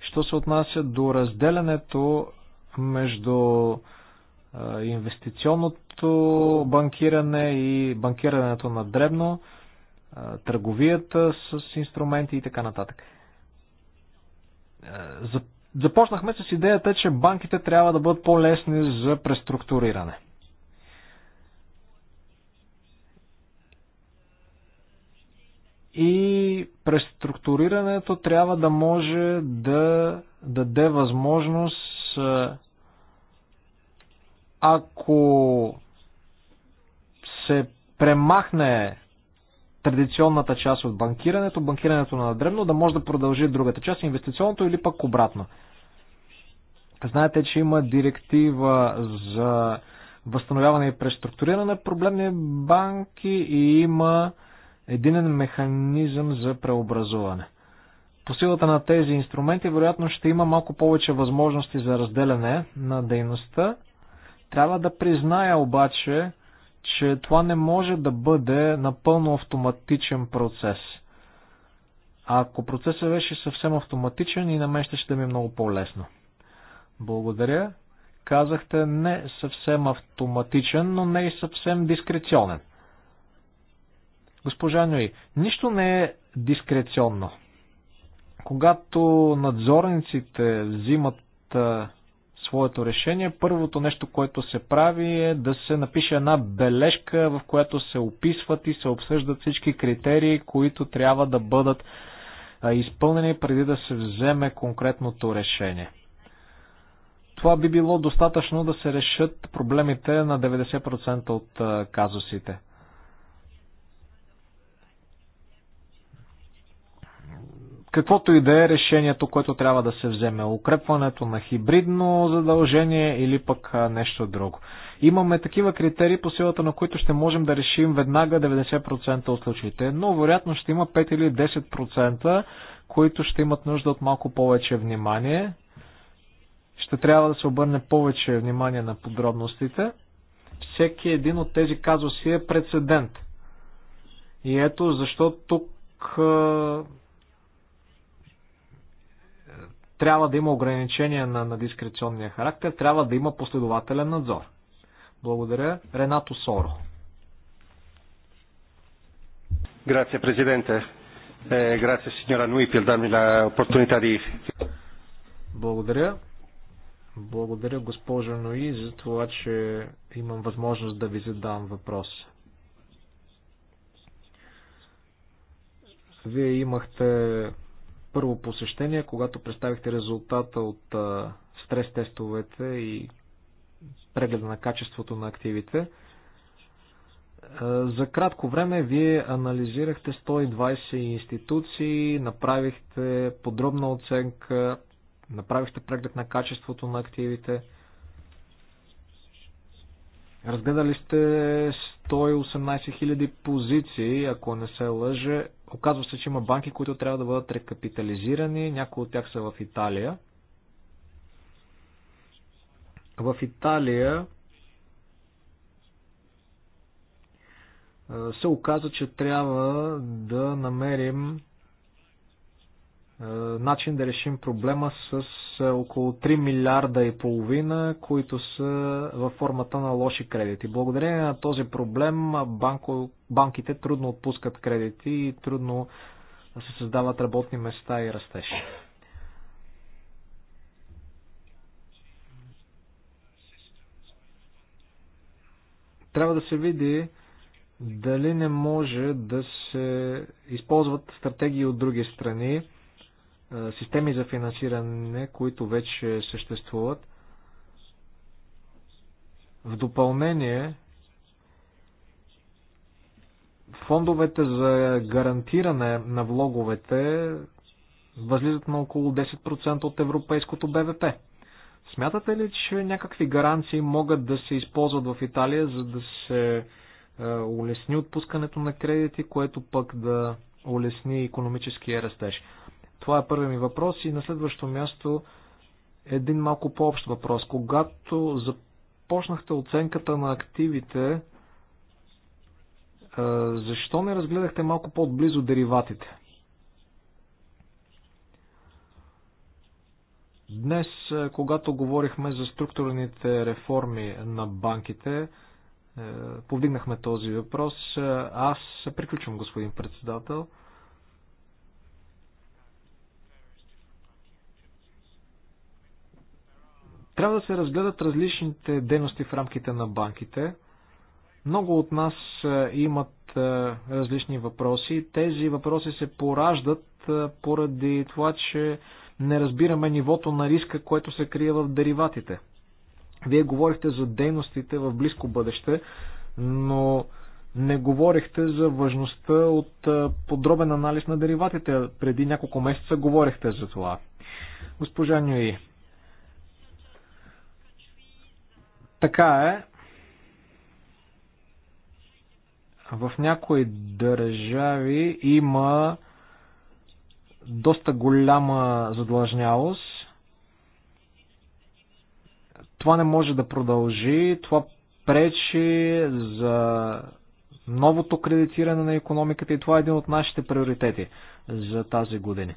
Що се отнася до разделянето между инвестиционното банкиране и банкирането на дребно, търговията с инструменти и така нататък. Е, започнахме с идеята, че банките трябва да бъдат по-лесни за преструктуриране. И преструктурирането трябва да може да даде възможност, е, ако се премахне традиционната част от банкирането, банкирането на древно, да може да продължи другата част, инвестиционното или пък обратно. Знаете, че има директива за възстановяване и преструктуриране на проблемни банки и има единен механизъм за преобразуване. По силата на тези инструменти, вероятно ще има малко повече възможности за разделяне на дейността. Трябва да призная обаче, че това не може да бъде напълно автоматичен процес. А ако процесът беше съвсем автоматичен и на мен ще, ще ми е много по-лесно. Благодаря. Казахте не съвсем автоматичен, но не и съвсем дискреционен. Госпожа Нюи, нищо не е дискреционно. Когато надзорниците взимат своето решение. Първото нещо, което се прави е да се напише една бележка, в която се описват и се обсъждат всички критерии, които трябва да бъдат изпълнени преди да се вземе конкретното решение. Това би било достатъчно да се решат проблемите на 90% от казусите. каквото и да е решението, което трябва да се вземе. Укрепването на хибридно задължение или пък нещо друго. Имаме такива критерии, по силата на които ще можем да решим веднага 90% от случаите, но вероятно ще има 5 или 10%, които ще имат нужда от малко повече внимание. Ще трябва да се обърне повече внимание на подробностите. Всеки един от тези казуси е прецедент. И ето защо тук трябва да има ограничения на, на дискреционния характер, трябва да има последователен надзор. Благодаря. Ренато Соро. Грация, президенте. Е, грация, сеньора Нуипил, да ми на опортунита di... Благодаря. Благодаря госпожа Нуи за това, че имам възможност да ви задам въпрос. Вие имахте първо посещение, когато представихте резултата от стрес тестовете и прегледа на качеството на активите. За кратко време вие анализирахте 120 институции, направихте подробна оценка, направихте преглед на качеството на активите – Разгледали сте 118 000 позиции, ако не се лъже. Оказва се, че има банки, които трябва да бъдат рекапитализирани. Някои от тях са в Италия. В Италия се оказа, че трябва да намерим е, начин да решим проблема с е, около 3 милиарда и половина, които са във формата на лоши кредити. Благодарение на този проблем банко, банките трудно отпускат кредити и трудно се създават работни места и растеж. Трябва да се види дали не може да се използват стратегии от други страни, е, системи за финансиране, които вече съществуват. В допълнение, фондовете за гарантиране на влоговете възлизат на около 10% от европейското БВП. Смятате ли, че някакви гаранции могат да се използват в Италия, за да се е, улесни отпускането на кредити, което пък да улесни економическия растеж? Това е първи ми въпрос. И на следващо място един малко по-общ въпрос. Когато започнахте оценката на активите, е, защо не разгледахте малко по-отблизо дериватите? Днес, е, когато говорихме за структурните реформи на банките, е, повдигнахме този въпрос. Аз приключвам, господин председател. Трябва да се разгледат различните дейности в рамките на банките. Много от нас е, имат е, различни въпроси. Тези въпроси се пораждат е, поради това, че не разбираме нивото на риска, което се крие в дериватите. Вие говорихте за дейностите в близко бъдеще, но не говорихте за важността от подробен анализ на дериватите. Преди няколко месеца говорихте за това. Госпожа Нюи, Така е. В някои държави има доста голяма задлъжнялост. Това не може да продължи. Това пречи за новото кредитиране на економиката и това е един от нашите приоритети за тази година.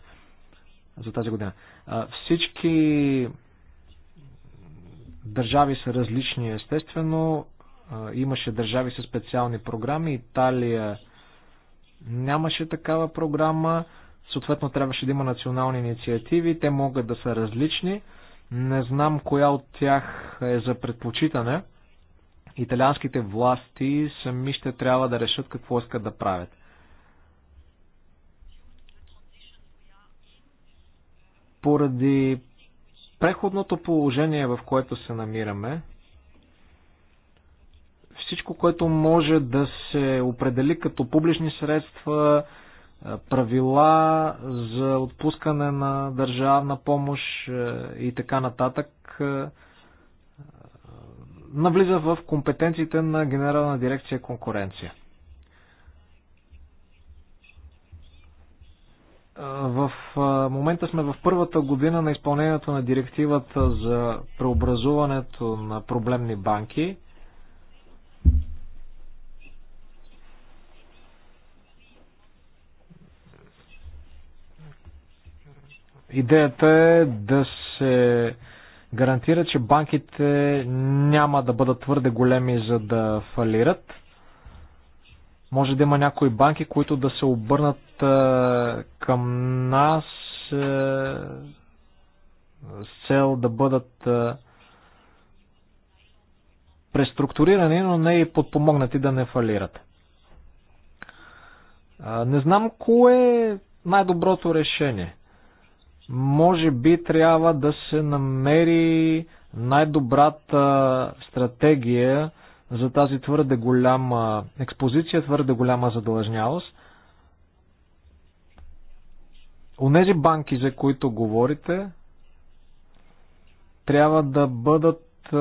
За тази година. Всички Държави са различни, естествено. Имаше държави с специални програми. Италия нямаше такава програма. Съответно, трябваше да има национални инициативи. Те могат да са различни. Не знам коя от тях е за предпочитане. Италианските власти сами ще трябва да решат какво искат да правят. Поради преходното положение, в което се намираме, всичко, което може да се определи като публични средства, правила за отпускане на държавна помощ и така нататък, навлиза в компетенциите на Генерална дирекция конкуренция. В момента сме в първата година на изпълнението на директивата за преобразуването на проблемни банки. Идеята е да се гарантира, че банките няма да бъдат твърде големи, за да фалират. Може да има някои банки, които да се обърнат е, към нас е, с цел да бъдат е, преструктурирани, но не и подпомогнати да не фалират. Е, не знам кое е най-доброто решение. Може би трябва да се намери най-добрата стратегия за тази твърде голяма експозиция, твърде голяма задължнялост. Онези банки, за които говорите, трябва да бъдат е,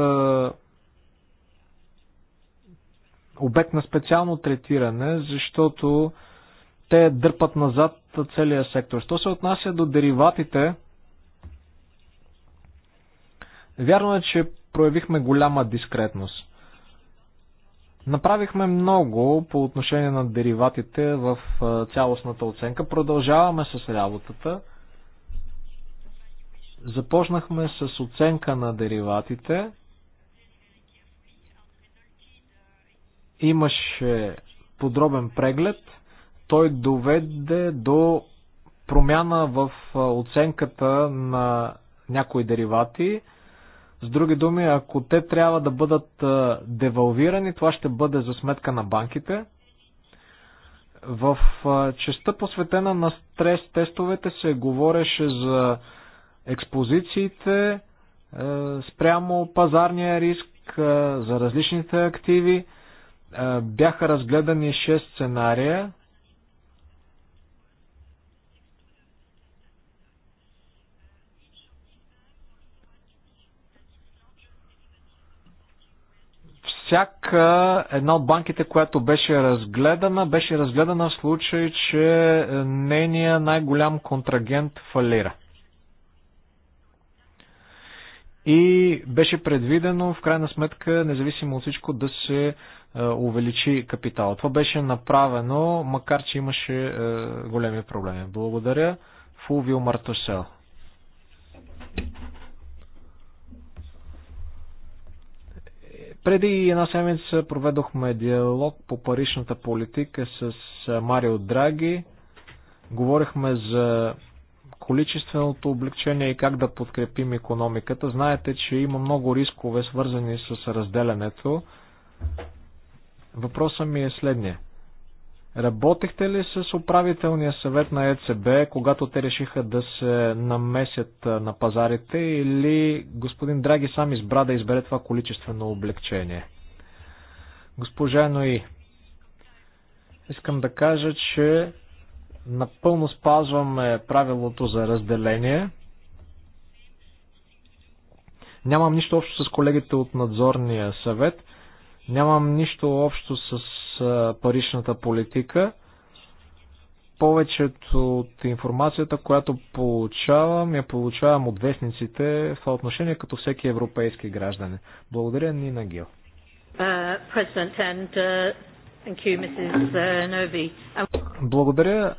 обект на специално третиране, защото те дърпат назад целия сектор. Що се отнася до дериватите, вярно е, че проявихме голяма дискретност. Направихме много по отношение на дериватите в цялостната оценка. Продължаваме с работата. Започнахме с оценка на дериватите. Имаше подробен преглед. Той доведе до промяна в оценката на някои деривати. С други думи, ако те трябва да бъдат девалвирани, това ще бъде за сметка на банките. В частта посветена на стрес тестовете се говореше за експозициите спрямо пазарния риск, за различните активи. Бяха разгледани 6 сценария. всяка една от банките, която беше разгледана, беше разгледана в случай, че нейният най-голям контрагент фалира. И беше предвидено, в крайна сметка, независимо от всичко, да се е, увеличи капитал. Това беше направено, макар че имаше е, големи проблеми. Благодаря. Фулвио Мартосел. Преди една седмица проведохме диалог по паричната политика с Марио Драги. Говорихме за количественото облегчение и как да подкрепим економиката. Знаете, че има много рискове, свързани с разделянето. Въпросът ми е следния. Работехте ли с управителния съвет на ЕЦБ, когато те решиха да се намесят на пазарите или господин Драги сам избра да избере това количествено облегчение? Госпожа Ной, искам да кажа, че напълно спазваме правилото за разделение. Нямам нищо общо с колегите от надзорния съвет. Нямам нищо общо с паричната политика. Повечето от информацията, която получавам, я получавам от вестниците в това отношение като всеки европейски гражданин. Благодаря Нина Гил. Uh, uh, Благодаря,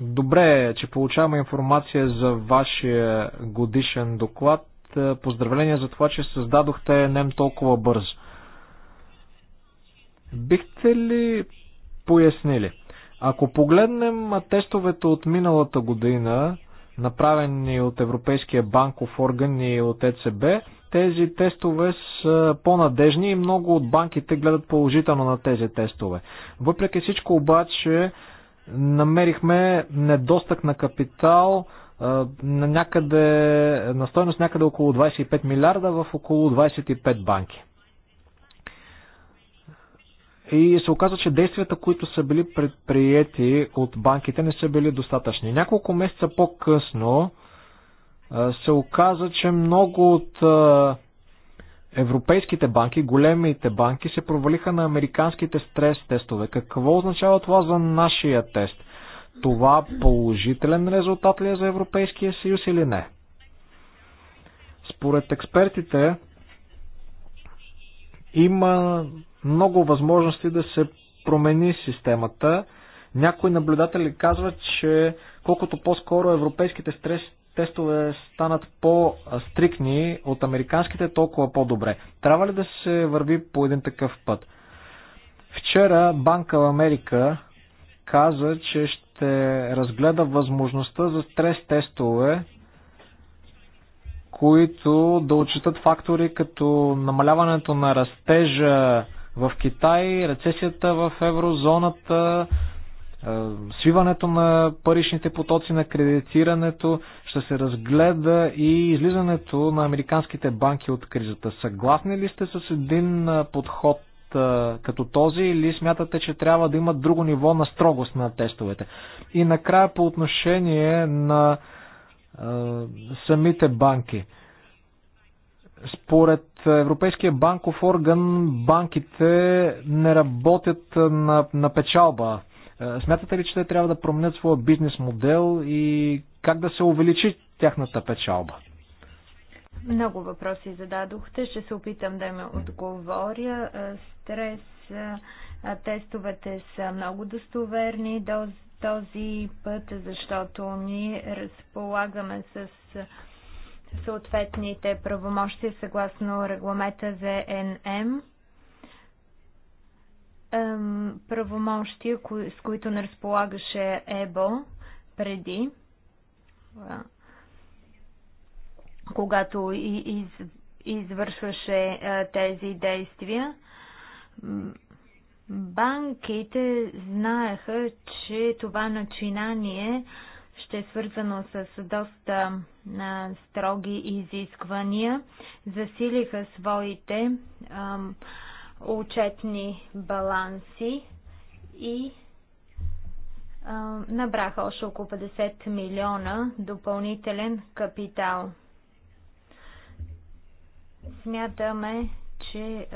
Добре е, че получаваме информация за вашия годишен доклад. Е, поздравления за това, че създадохте НЕМ толкова бързо. Бихте ли пояснили? Ако погледнем тестовете от миналата година, направени от Европейския банков орган и от ЕЦБ, тези тестове са по-надежни и много от банките гледат положително на тези тестове. Въпреки всичко обаче намерихме недостъг на капитал на някъде, на стойност някъде около 25 милиарда в около 25 банки. И се оказва, че действията, които са били предприяти от банките, не са били достатъчни. Няколко месеца по-късно се оказа, че много от европейските банки, големите банки, се провалиха на американските стрес тестове. Какво означава това за нашия тест? това положителен резултат ли е за Европейския съюз или не? Според експертите има много възможности да се промени системата. Някои наблюдатели казват, че колкото по-скоро европейските стрес тестове станат по-стрикни от американските, толкова по-добре. Трябва ли да се върви по един такъв път? Вчера Банка в Америка каза, че ще ще разгледа възможността за стрес тестове, които да отчитат фактори като намаляването на растежа в Китай, рецесията в еврозоната, свиването на паричните потоци, на кредитирането, ще се разгледа и излизането на американските банки от кризата. Съгласни ли сте с един подход като този или смятате, че трябва да има друго ниво на строгост на тестовете? И накрая по отношение на е, самите банки. Според Европейския банков орган, банките не работят на, на печалба. Смятате ли, че те трябва да променят своя бизнес модел и как да се увеличи тяхната печалба? Много въпроси зададохте. Ще се опитам да ме отговоря. Е, стрес е, е, тестовете са много достоверни до този път, защото ние разполагаме с съответните правомощи съгласно регламента за НМ. Правомощия, с които не разполагаше ЕБО преди когато из, извършваше е, тези действия. Банките знаеха, че това начинание ще е свързано с доста а, строги изисквания. Засилиха своите а, учетни баланси и а, набраха още около 50 милиона допълнителен капитал. Смятаме, че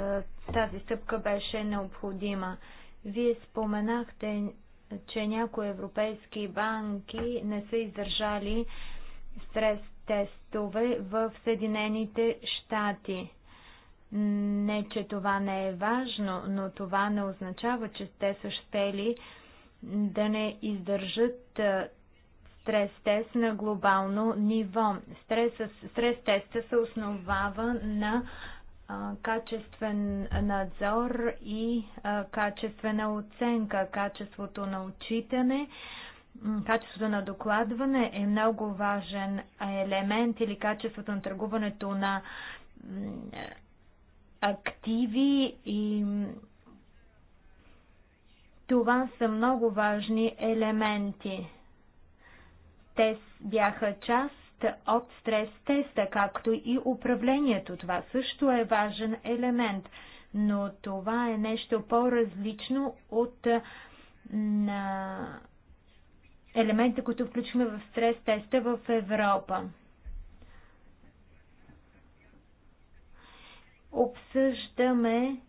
тази стъпка беше необходима. Вие споменахте, че някои европейски банки не са издържали стрес тестове в Съединените щати. Не, че това не е важно, но това не означава, че те са щели да не издържат стрес-тест на глобално ниво. Стрес-теста се основава на качествен надзор и качествена оценка. Качеството на отчитане, качеството на докладване е много важен елемент или качеството на търгуването на активи и това са много важни елементи. Те бяха част от стрес-теста, както и управлението. Това също е важен елемент, но това е нещо по-различно от на елемента, които включваме в стрес-теста в Европа. Обсъждаме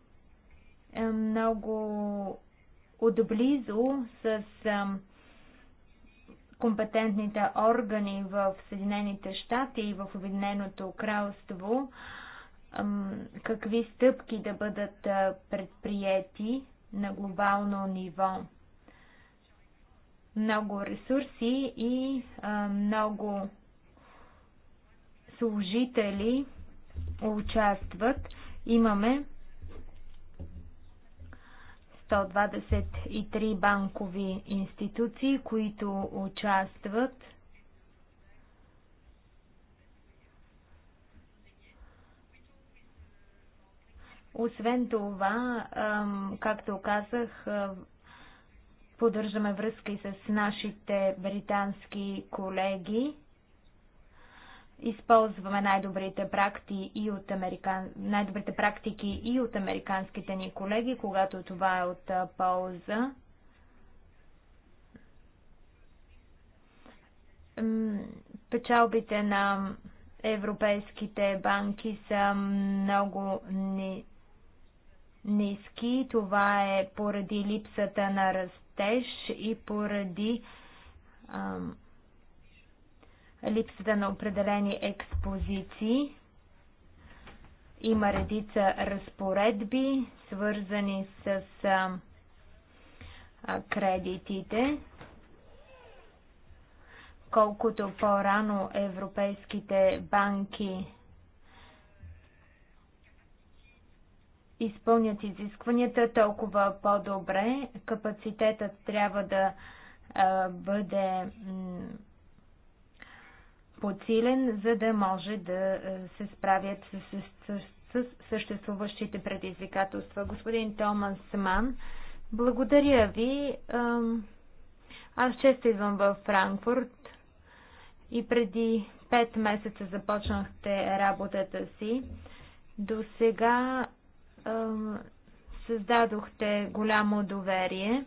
много отблизо с компетентните органи в Съединените щати и в Обединеното кралство какви стъпки да бъдат предприяти на глобално ниво. Много ресурси и много служители участват. Имаме 123 банкови институции, които участват Освен това, както казах, поддържаме връзка и с нашите британски колеги използваме най-добрите практики и от американ... най-добрите практики и от американските ни колеги, когато това е от полза. Печалбите на европейските банки са много ни... ниски. Това е поради липсата на растеж и поради ам липсата на определени експозиции. Има редица разпоредби, свързани с кредитите. Колкото по-рано европейските банки изпълнят изискванията, толкова по-добре. Капацитетът трябва да бъде подсилен, за да може да е, се справят с, с, с, с съществуващите предизвикателства. Господин Томас Ман, благодаря ви. Аз често идвам в Франкфурт и преди 5 месеца започнахте работата си. До сега създадохте голямо доверие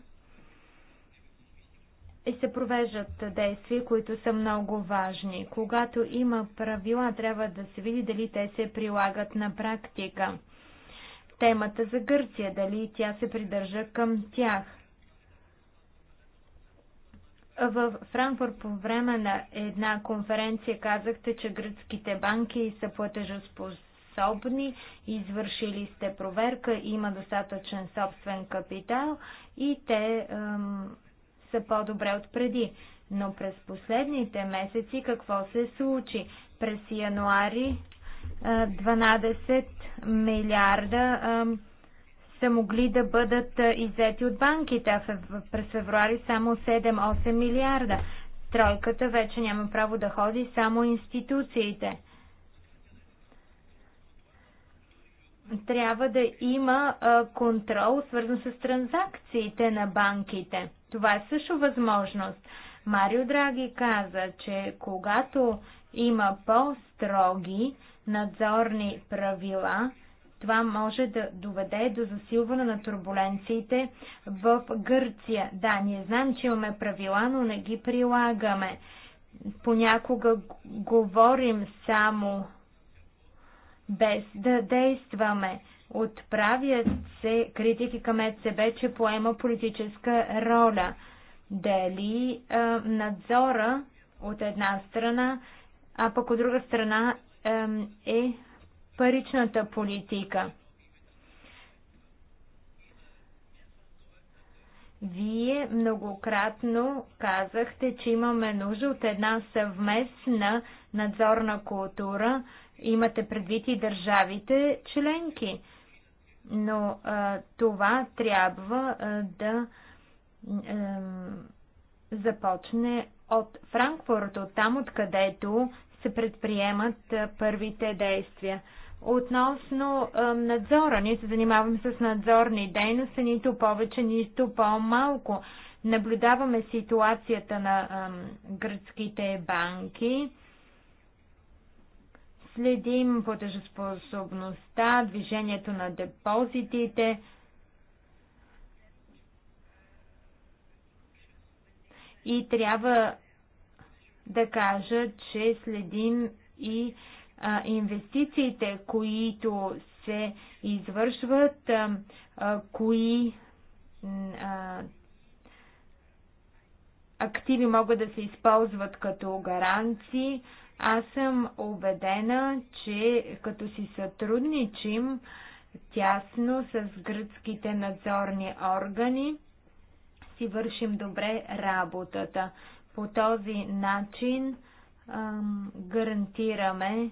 и се провеждат действия, които са много важни. Когато има правила, трябва да се види дали те се прилагат на практика. Темата за Гърция, дали тя се придържа към тях. В Франкфурт по време на една конференция казахте, че гръцките банки са платежоспособни, извършили сте проверка, има достатъчен собствен капитал и те ем, са по-добре от преди. Но през последните месеци какво се случи? През януари 12 милиарда са могли да бъдат иззети от банките, а през февруари само 7-8 милиарда. Тройката вече няма право да ходи, само институциите. Трябва да има контрол, свързан с транзакциите на банките. Това е също възможност. Марио Драги каза, че когато има по-строги надзорни правила, това може да доведе до засилване на турбуленциите в Гърция. Да, ние знаем, че имаме правила, но не ги прилагаме. Понякога говорим само без да действаме. Отправят се критики към ЕЦБ, че поема политическа роля. Дали е, надзора от една страна, а пък от друга страна е, е паричната политика. Вие многократно казахте, че имаме нужда от една съвместна надзорна култура. Имате предвид и държавите членки но а, това трябва а, да а, започне от Франкфурт, от там откъдето се предприемат а, първите действия. Относно а, надзора, ние се занимаваме с надзорни дейности, нито повече, нито по-малко. Наблюдаваме ситуацията на а, гръцките банки Следим платежоспособността, движението на депозитите. И трябва да кажа, че следим и а, инвестициите, които се извършват, а, а, кои а, активи могат да се използват като гаранции. А, аз съм убедена, че като си сътрудничим тясно с гръцките надзорни органи, си вършим добре работата. По този начин ам, гарантираме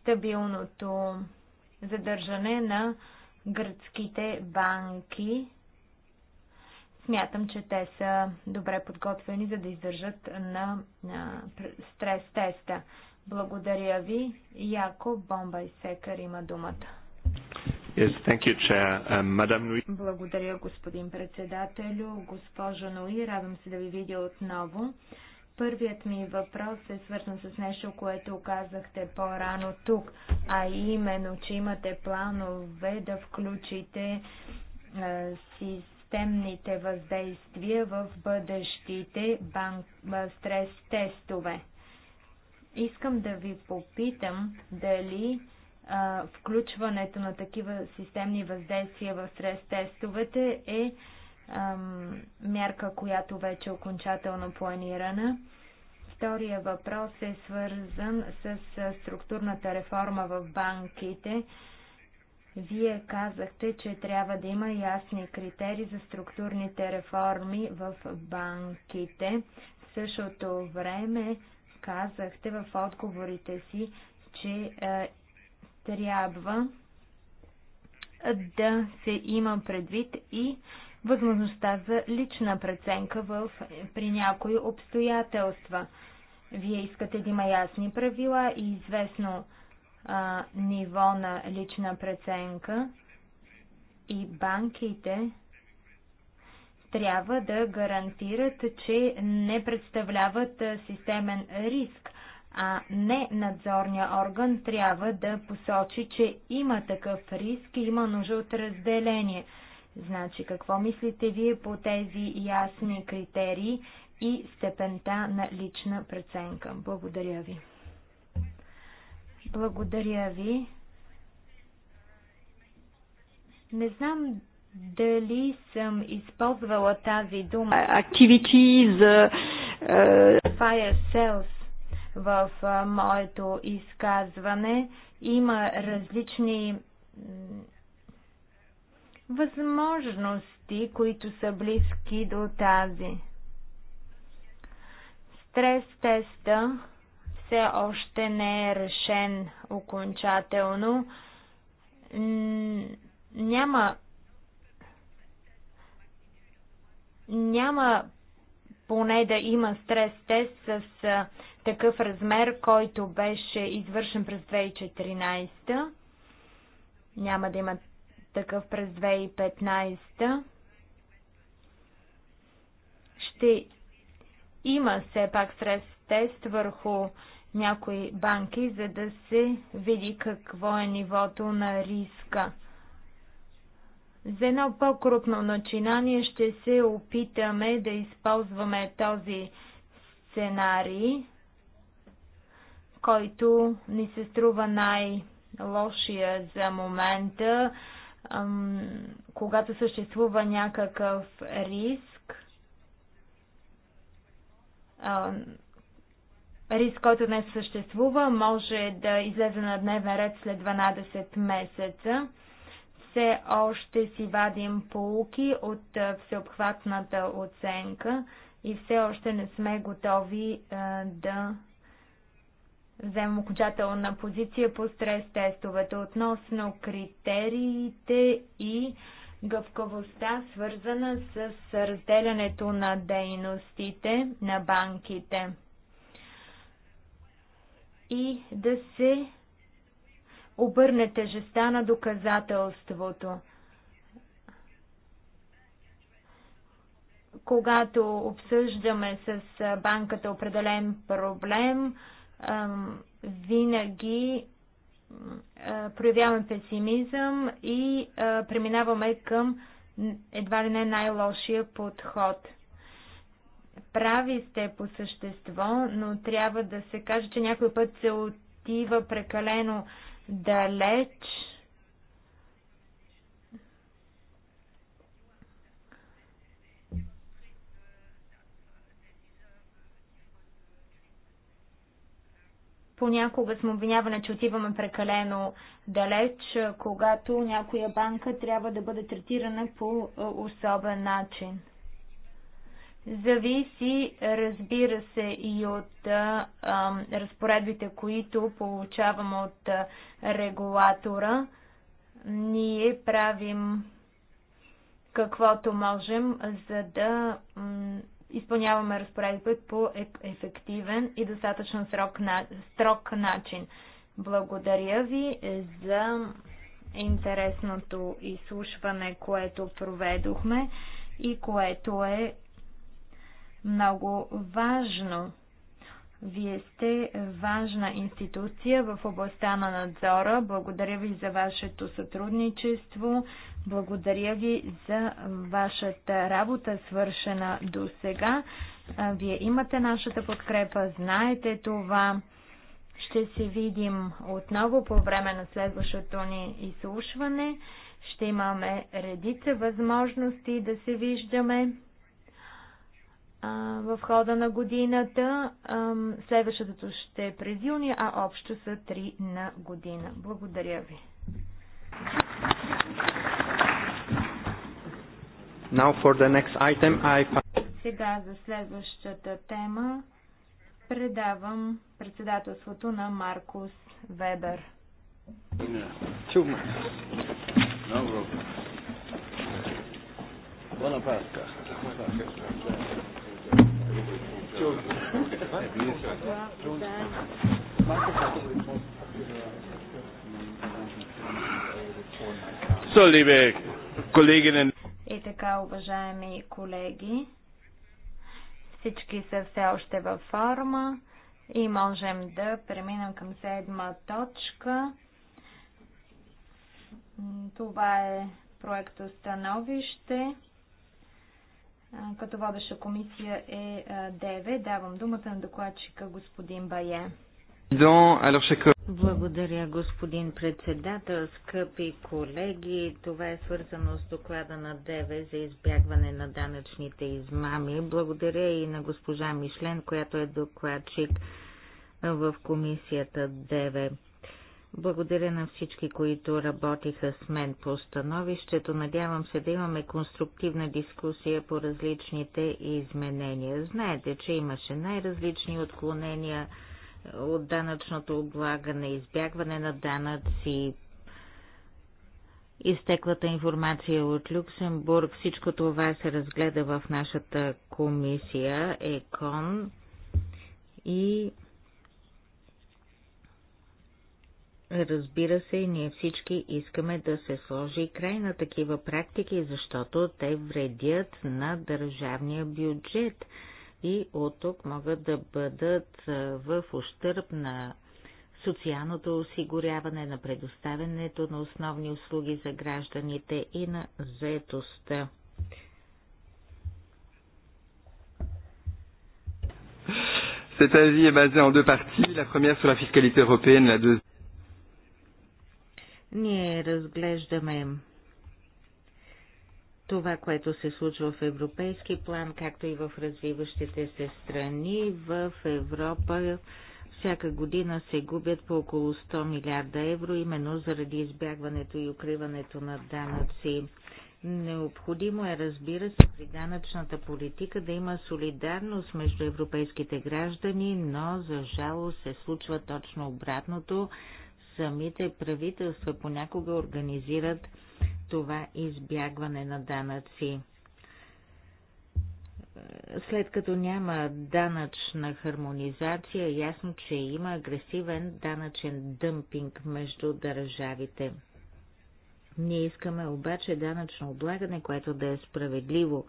стабилното задържане на гръцките банки Смятам, че те са добре подготвени, за да издържат на, на стрес теста. Благодаря ви. Яко Бомба и Секар има думата. Yes, thank you, Chair. Uh, um, Madam... Благодаря, господин председателю. Госпожо Нуи, радвам се да ви видя отново. Първият ми въпрос е свързан с нещо, което казахте по-рано тук, а именно, че имате планове да включите е, си системните въздействия в бъдещите банк, стрес тестове. Искам да ви попитам дали а, включването на такива системни въздействия в стрес тестовете е ам, мярка, която вече е окончателно планирана. Втория въпрос е свързан с структурната реформа в банките. Вие казахте, че трябва да има ясни критерии за структурните реформи в банките. В същото време казахте в отговорите си, че е, трябва да се има предвид и възможността за лична преценка в, при някои обстоятелства. Вие искате да има ясни правила и известно а, ниво на лична преценка и банките трябва да гарантират, че не представляват системен риск, а не надзорния орган трябва да посочи, че има такъв риск и има нужда от разделение. Значи, какво мислите вие по тези ясни критерии и степента на лична преценка? Благодаря ви. Благодаря ви. Не знам дали съм използвала тази дума. Activities. Uh, Fire sales в uh, моето изказване. Има различни възможности, които са близки до тази. Стрес теста все още не е решен окончателно. Няма няма поне да има стрес тест с такъв размер, който беше извършен през 2014. Няма да има такъв през 2015. Ще има все пак стрес тест върху някои банки, за да се види какво е нивото на риска. За едно по-крупно начинание ще се опитаме да използваме този сценарий, който ни се струва най-лошия за момента, когато съществува някакъв риск риск, който днес съществува, може да излезе на дневен ред след 12 месеца. Все още си вадим полуки от всеобхватната оценка и все още не сме готови да вземем окончателна позиция по стрес-тестовете относно критериите и гъвкавостта, свързана с разделянето на дейностите на банките и да се обърне тежеста на доказателството. Когато обсъждаме с банката определен проблем, винаги проявяваме песимизъм и преминаваме към едва ли не най-лошия подход – прави сте по същество, но трябва да се каже, че някой път се отива прекалено далеч. Понякога сме обвинявани, че отиваме прекалено далеч, когато някоя банка трябва да бъде третирана по е, особен начин. Зависи, разбира се, и от а, разпоредбите, които получаваме от а, регулатора. Ние правим каквото можем, за да изпълняваме разпоредби по ефективен и достатъчно срок на, строг начин. Благодаря ви за интересното изслушване, което проведохме и което е много важно. Вие сте важна институция в областта на надзора. Благодаря ви за вашето сътрудничество. Благодаря ви за вашата работа, свършена до сега. Вие имате нашата подкрепа, знаете това. Ще се видим отново по време на следващото ни изслушване. Ще имаме редица възможности да се виждаме в хода на годината. Следващото ще е през юни, а общо са 3 на година. Благодаря ви. Now for the next item, I... Сега за следващата тема предавам председателството на Маркус Вебер. Чума. Buona Pasqua. Buona Pasqua. И така, уважаеми колеги, всички са все още във форма и можем да преминем към седма точка. Това е становище като водеща комисия е ДЕВЕ. Давам думата на докладчика господин Бае. Благодаря, господин председател, скъпи колеги. Това е свързано с доклада на ДВ за избягване на данъчните измами. Благодаря и на госпожа Мишлен, която е докладчик в комисията ДВ. Благодаря на всички, които работиха с мен по становището. Надявам се да имаме конструктивна дискусия по различните изменения. Знаете, че имаше най-различни отклонения е, от данъчното облагане, избягване на данъци, изтеклата информация от Люксембург. Всичко това се разгледа в нашата комисия ЕКОН и Разбира се, ние всички искаме да се сложи край на такива практики, защото те вредят на държавния бюджет и от тук могат да бъдат в ущърп на социалното осигуряване, на предоставянето на основни услуги за гражданите и на заетостта. Cet avis est basé en deux parties, la première sur la fiscalité européenne, la deuxième. Ние разглеждаме това, което се случва в европейски план, както и в развиващите се страни. В Европа всяка година се губят по около 100 милиарда евро, именно заради избягването и укриването на данъци. Необходимо е, разбира се, при данъчната политика да има солидарност между европейските граждани, но за жалост се случва точно обратното самите правителства понякога организират това избягване на данъци. След като няма данъчна хармонизация, е ясно, че има агресивен данъчен дъмпинг между държавите. Ние искаме обаче данъчно облагане, което да е справедливо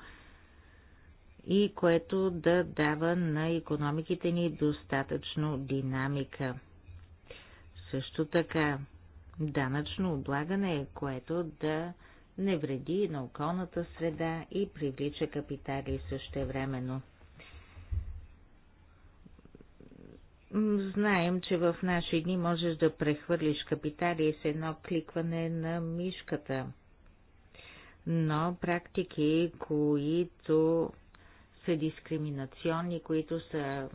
и което да дава на економиките ни достатъчно динамика. Също така данъчно облагане, е което да не вреди на околната среда и привлича капитали същевременно. Знаем, че в наши дни можеш да прехвърлиш капитали с едно кликване на мишката. Но практики, които са дискриминационни, които са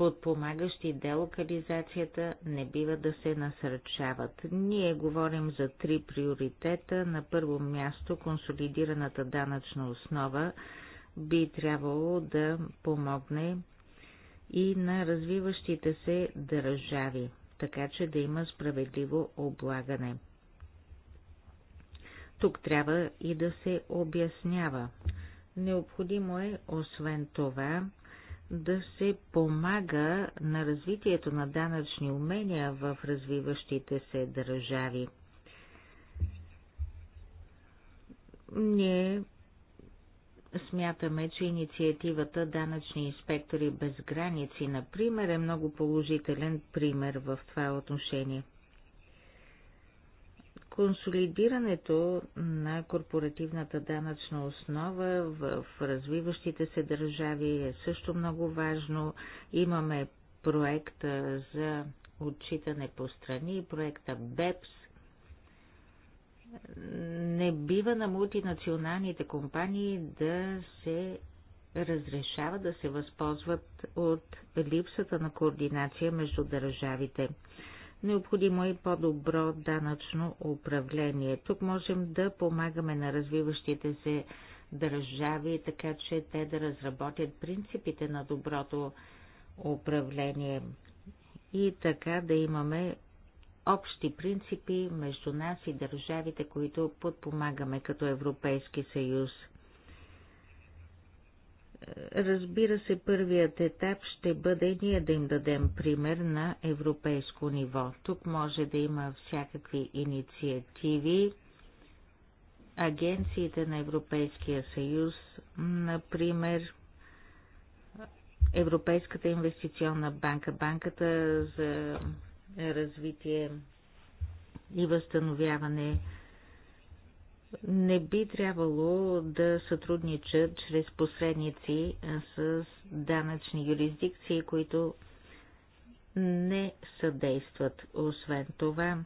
подпомагащи делокализацията не бива да се насърчават. Ние говорим за три приоритета. На първо място консолидираната данъчна основа би трябвало да помогне и на развиващите се държави, така че да има справедливо облагане. Тук трябва и да се обяснява. Необходимо е, освен това, да се помага на развитието на данъчни умения в развиващите се държави. Ние смятаме, че инициативата Данъчни инспектори без граници, например, е много положителен пример в това отношение. Консолидирането на корпоративната данъчна основа в развиващите се държави е също много важно. Имаме проекта за отчитане по страни, проекта БЕПС. Не бива на мултинационалните компании да се разрешава да се възползват от липсата на координация между държавите. Необходимо е и по-добро данъчно управление. Тук можем да помагаме на развиващите се държави, така че те да разработят принципите на доброто управление и така да имаме общи принципи между нас и държавите, които подпомагаме като Европейски съюз – Разбира се, първият етап ще бъде ние да им дадем пример на европейско ниво. Тук може да има всякакви инициативи. Агенциите на Европейския съюз, например, Европейската инвестиционна банка, Банката за развитие и възстановяване, не би трябвало да сътрудничат чрез посредници с данъчни юрисдикции, които не съдействат. Освен това,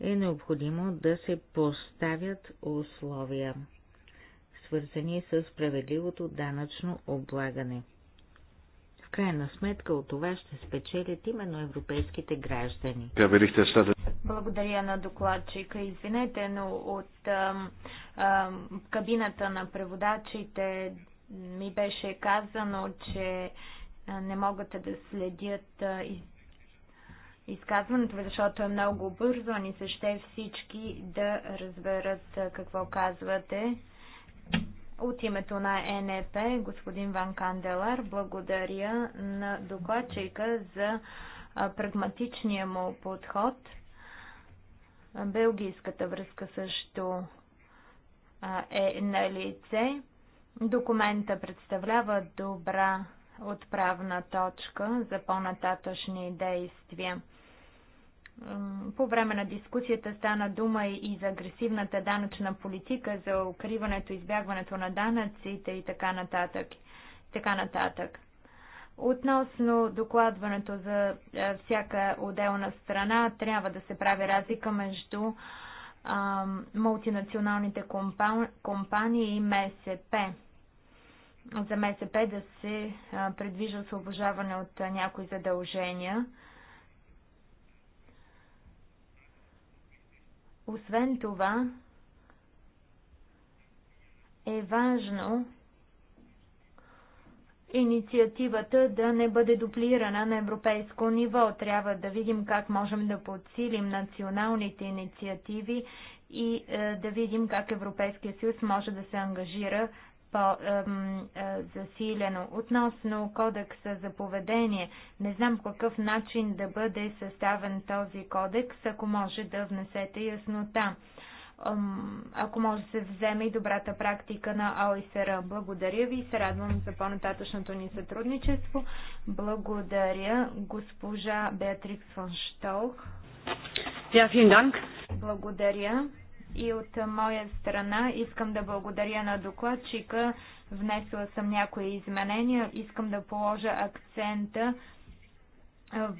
е необходимо да се поставят условия, свързани с справедливото данъчно облагане – крайна сметка от това ще спечелят именно европейските граждани. Благодаря на докладчика. Извинете, но от ам, ам, кабината на преводачите ми беше казано, че не могат да следят из... изказването, защото е много бързо, ни се ще всички да разберат какво казвате. От името на НЕП, господин Ван Канделар, благодаря на докладчика за прагматичния му подход. Белгийската връзка също е на лице. Документа представлява добра отправна точка за по-нататъчни действия. По време на дискусията стана дума и за агресивната данъчна политика, за укриването, избягването на данъците и така нататък. Така нататък. Относно докладването за всяка отделна страна, трябва да се прави разлика между а, мултинационалните компа... компании и МСП. За МСП да се предвижда освобождаване от някои задължения. Освен това, е важно инициативата да не бъде дуплирана на европейско ниво. Трябва да видим как можем да подсилим националните инициативи и е, да видим как Европейския съюз може да се ангажира по-засилено. Е, Относно кодекса за поведение, не знам по какъв начин да бъде съставен този кодекс, ако може да внесете яснота. Ако може да се вземе и добрата практика на ОИСР. Благодаря ви и се радвам за по-нататъчното ни сътрудничество. Благодаря госпожа Беатрикс фон Штолх. Благодаря. И от моя страна искам да благодаря на докладчика. Внесла съм някои изменения. Искам да положа акцента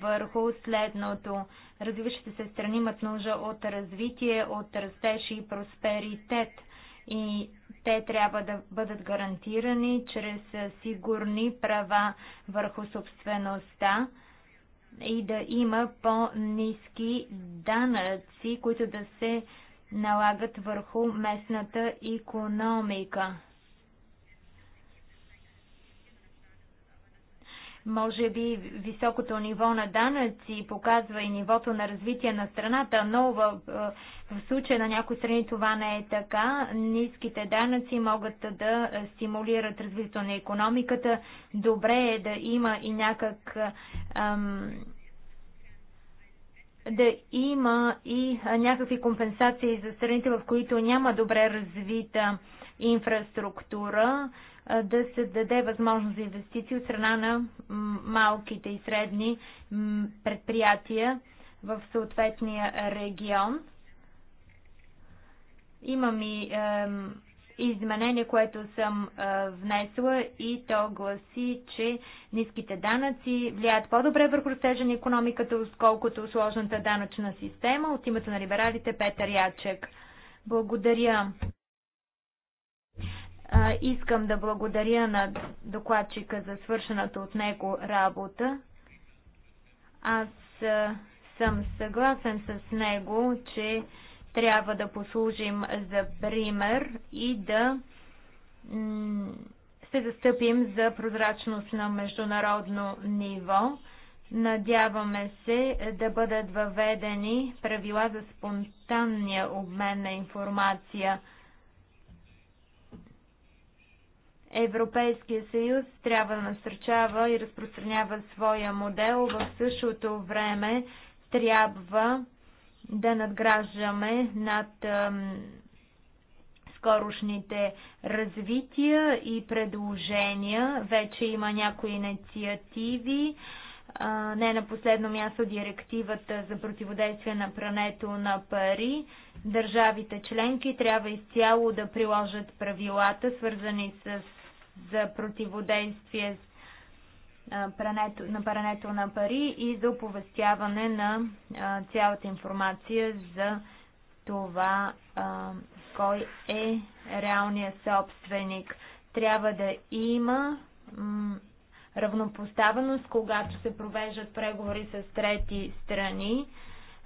върху следното. Развиващите се страни имат нужда от развитие, от растеж и просперитет. И те трябва да бъдат гарантирани чрез сигурни права върху собствеността и да има по-низки данъци, които да се налагат върху местната економика. Може би високото ниво на данъци показва и нивото на развитие на страната, но в, е, в случая на някои страни това не е така. Ниските данъци могат да стимулират развитието на економиката. Добре е да има и някак ам, да има и някакви компенсации за страните, в които няма добре развита инфраструктура, да се даде възможност за инвестиции от страна на малките и средни предприятия в съответния регион. Имам и изменение, което съм а, внесла и то гласи, че ниските данъци влияят по-добре върху растежа на економиката, отколкото сложната данъчна система. От името на либералите Петър Ячек. Благодаря. А, искам да благодаря на докладчика за свършената от него работа. Аз а, съм съгласен с него, че а, трябва да послужим за пример и да се застъпим за прозрачност на международно ниво. Надяваме се да бъдат въведени правила за спонтанния обмен на информация. Европейския съюз трябва да насърчава и разпространява своя модел. В същото време трябва да надграждаме над скорошните развития и предложения. Вече има някои инициативи. Не на последно място директивата за противодействие на прането на пари. Държавите членки трябва изцяло да приложат правилата, свързани с за противодействие прането, на прането на пари и за оповестяване на цялата информация за това кой е реалният собственик. Трябва да има равнопоставеност, когато се провеждат преговори с трети страни.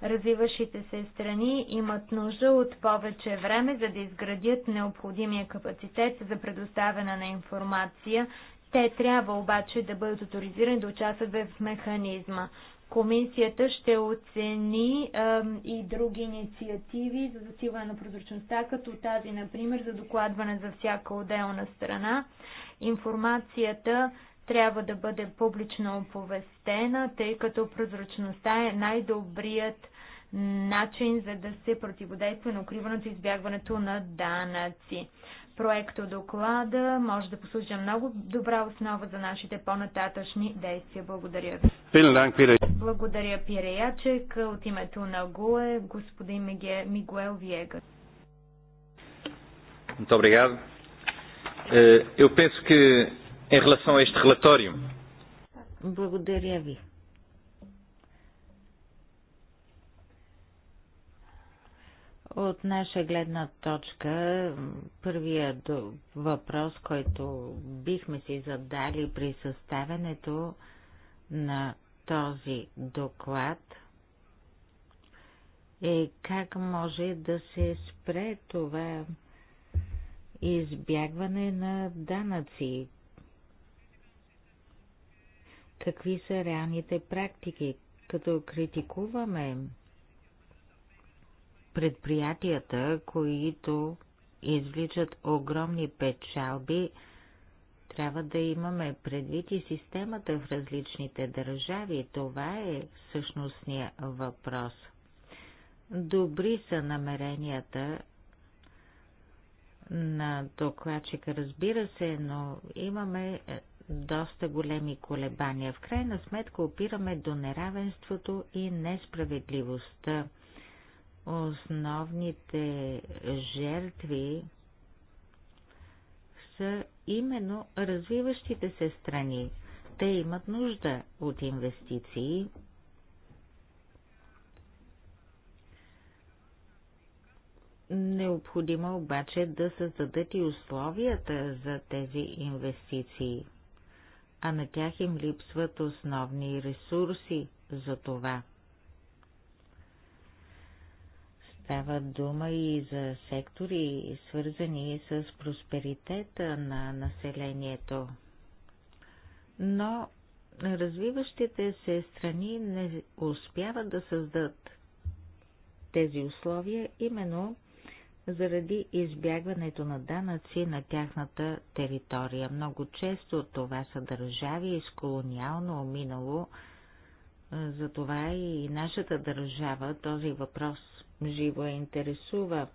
Развиващите се страни имат нужда от повече време, за да изградят необходимия капацитет за предоставяне на информация те трябва обаче да бъдат авторизирани да участват в механизма. Комисията ще оцени е, и други инициативи за засилване на прозрачността, като тази, например, за докладване за всяка отделна страна. Информацията трябва да бъде публично оповестена, тъй като прозрачността е най-добрият начин за да се противодейства на укриването и избягването на данъци проекто доклада може да послужа много добра основа за нашите по-нататъчни действия. Благодаря ви. Благодаря, Пиреячек. От името на ГУЕ, господин Мигуел Виега. Eh, eu penso que, em relação a este relatório. Благодаря ви. От наша гледна точка, първият въпрос, който бихме си задали при съставянето на този доклад е как може да се спре това избягване на данъци. Какви са реалните практики? Като критикуваме предприятията, които извличат огромни печалби, трябва да имаме предвид и системата в различните държави. Това е същностния въпрос. Добри са намеренията на докладчика, разбира се, но имаме е, доста големи колебания. В крайна сметка опираме до неравенството и несправедливостта основните жертви са именно развиващите се страни. Те имат нужда от инвестиции. Необходимо обаче да създадат и условията за тези инвестиции, а на тях им липсват основни ресурси за това – Става дума и за сектори, свързани с просперитета на населението. Но развиващите се страни не успяват да създадат тези условия именно заради избягването на данъци на тяхната територия. Много често това са държави с колониално минало, затова и нашата държава този въпрос живо я интересува.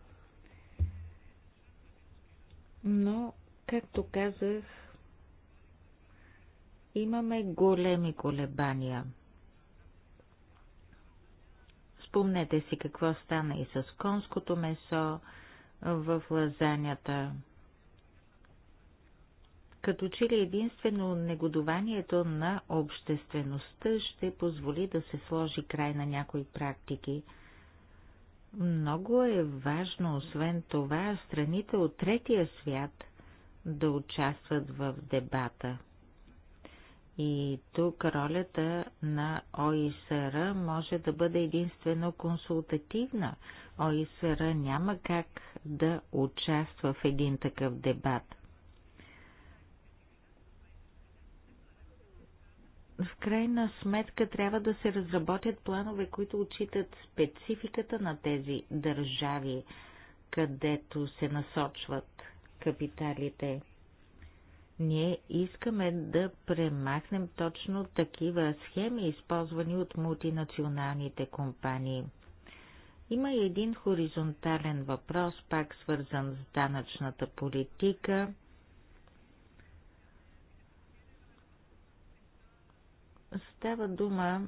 Но, както казах, имаме големи колебания. Спомнете си какво стана и с конското месо в лазанята. Като че ли единствено негодованието на обществеността ще позволи да се сложи край на някои практики – много е важно, освен това, страните от третия свят да участват в дебата. И тук ролята на ОИСР може да бъде единствено консултативна. ОИСР няма как да участва в един такъв дебат. в крайна сметка трябва да се разработят планове, които отчитат спецификата на тези държави, където се насочват капиталите. Ние искаме да премахнем точно такива схеми, използвани от мултинационалните компании. Има и един хоризонтален въпрос, пак свързан с данъчната политика – Става дума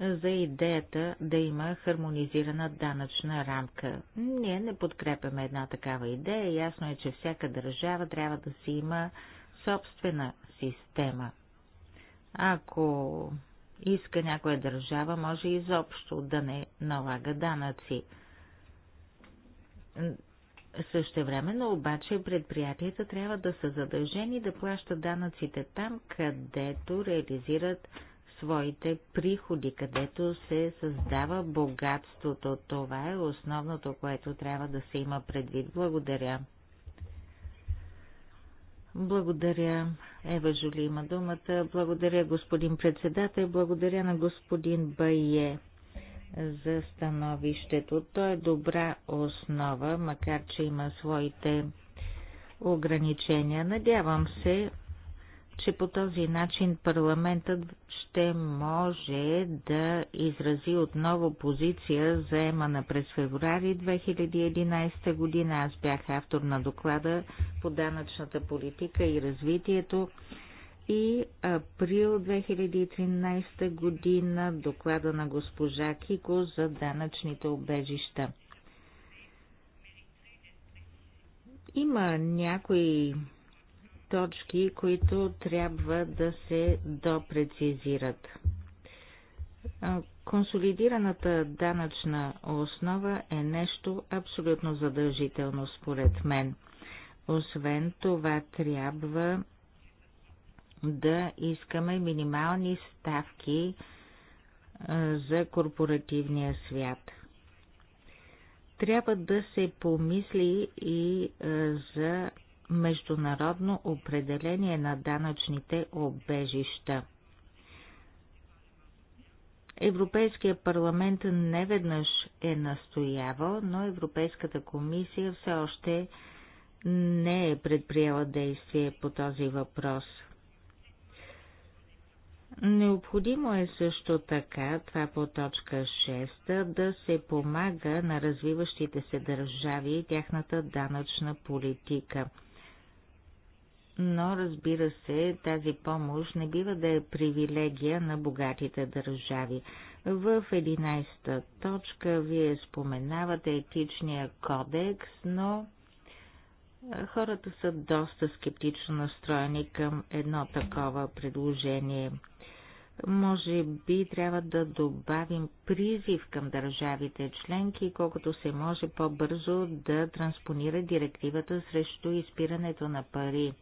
за идеята да има хармонизирана данъчна рамка. Ние не подкрепяме една такава идея. Ясно е, че всяка държава трябва да си има собствена система. Ако иска някоя държава, може изобщо да не налага данъци. Същевременно обаче предприятията трябва да са задължени да плащат данъците там, където реализират своите приходи, където се създава богатството. Това е основното, което трябва да се има предвид. Благодаря. Благодаря. Ева Жули има думата. Благодаря господин председател. Благодаря на господин Бае за становището. То е добра основа, макар че има своите ограничения. Надявам се, че по този начин парламентът ще може да изрази отново позиция, заемана през февруари 2011 година. Аз бях автор на доклада по данъчната политика и развитието и април 2013 година доклада на госпожа Кико за данъчните обежища. Има някои точки, които трябва да се допрецизират. Консолидираната данъчна основа е нещо абсолютно задължително според мен. Освен това трябва да искаме минимални ставки за корпоративния свят. Трябва да се помисли и за международно определение на данъчните обежища. Европейския парламент неведнъж е настоявал, но Европейската комисия все още не е предприела действие по този въпрос – Необходимо е също така, това по точка 6, да се помага на развиващите се държави и тяхната данъчна политика. Но, разбира се, тази помощ не бива да е привилегия на богатите държави. В 11-та точка вие споменавате етичния кодекс, но хората са доста скептично настроени към едно такова предложение – може би трябва да добавим призив към държавите членки, колкото се може по-бързо да транспонира директивата срещу изпирането на пари.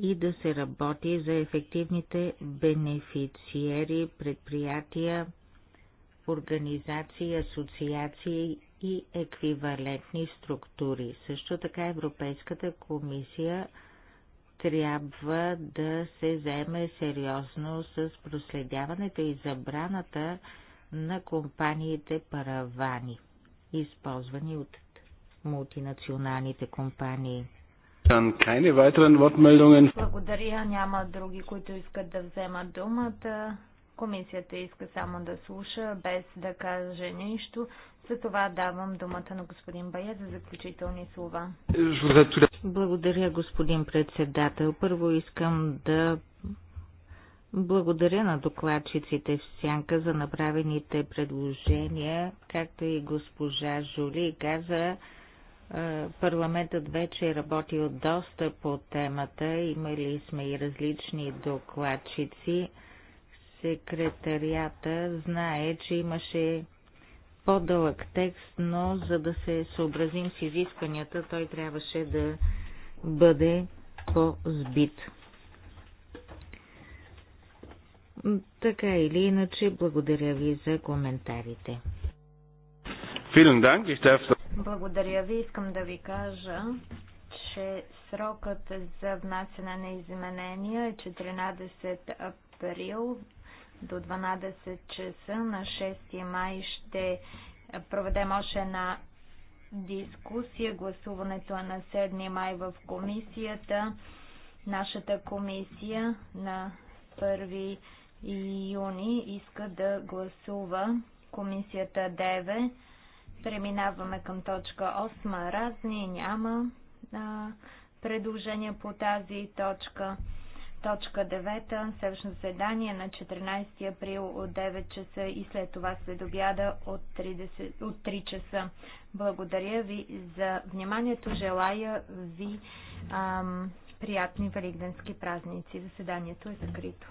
и да се работи за ефективните бенефициери, предприятия, организации, асоциации и еквивалентни структури. Също така Европейската комисия трябва да се заеме сериозно с проследяването и забраната на компаниите паравани, използвани от мултинационалните компании. Благодаря, няма други, които искат да вземат думата. Комисията иска само да слуша, без да каже нищо. За това давам думата на господин Бая за заключителни слова. Благодаря, господин председател. Първо искам да благодаря на докладчиците в Сянка за направените предложения, както и госпожа Жули каза, е, парламентът вече е работил доста по темата, имали сме и различни докладчици секретарията знае, че имаше по-дълъг текст, но за да се съобразим с изискванията, той трябваше да бъде по-збит. Така или иначе, благодаря ви за коментарите. Благодаря ви. Искам да ви кажа, че срокът за внасяне на изменения е 14 април до 12 часа на 6 май ще проведем още една дискусия. Гласуването е на 7 май в комисията. Нашата комисия на 1 юни иска да гласува комисията 9. Преминаваме към точка 8. Разни няма предложения по тази точка. Точка 9. Съвършно заседание на 14 април от 9 часа и след това след обяда от 30, от 3 часа. Благодаря ви за вниманието. Желая ви ам, приятни великденски празници. Заседанието е закрито.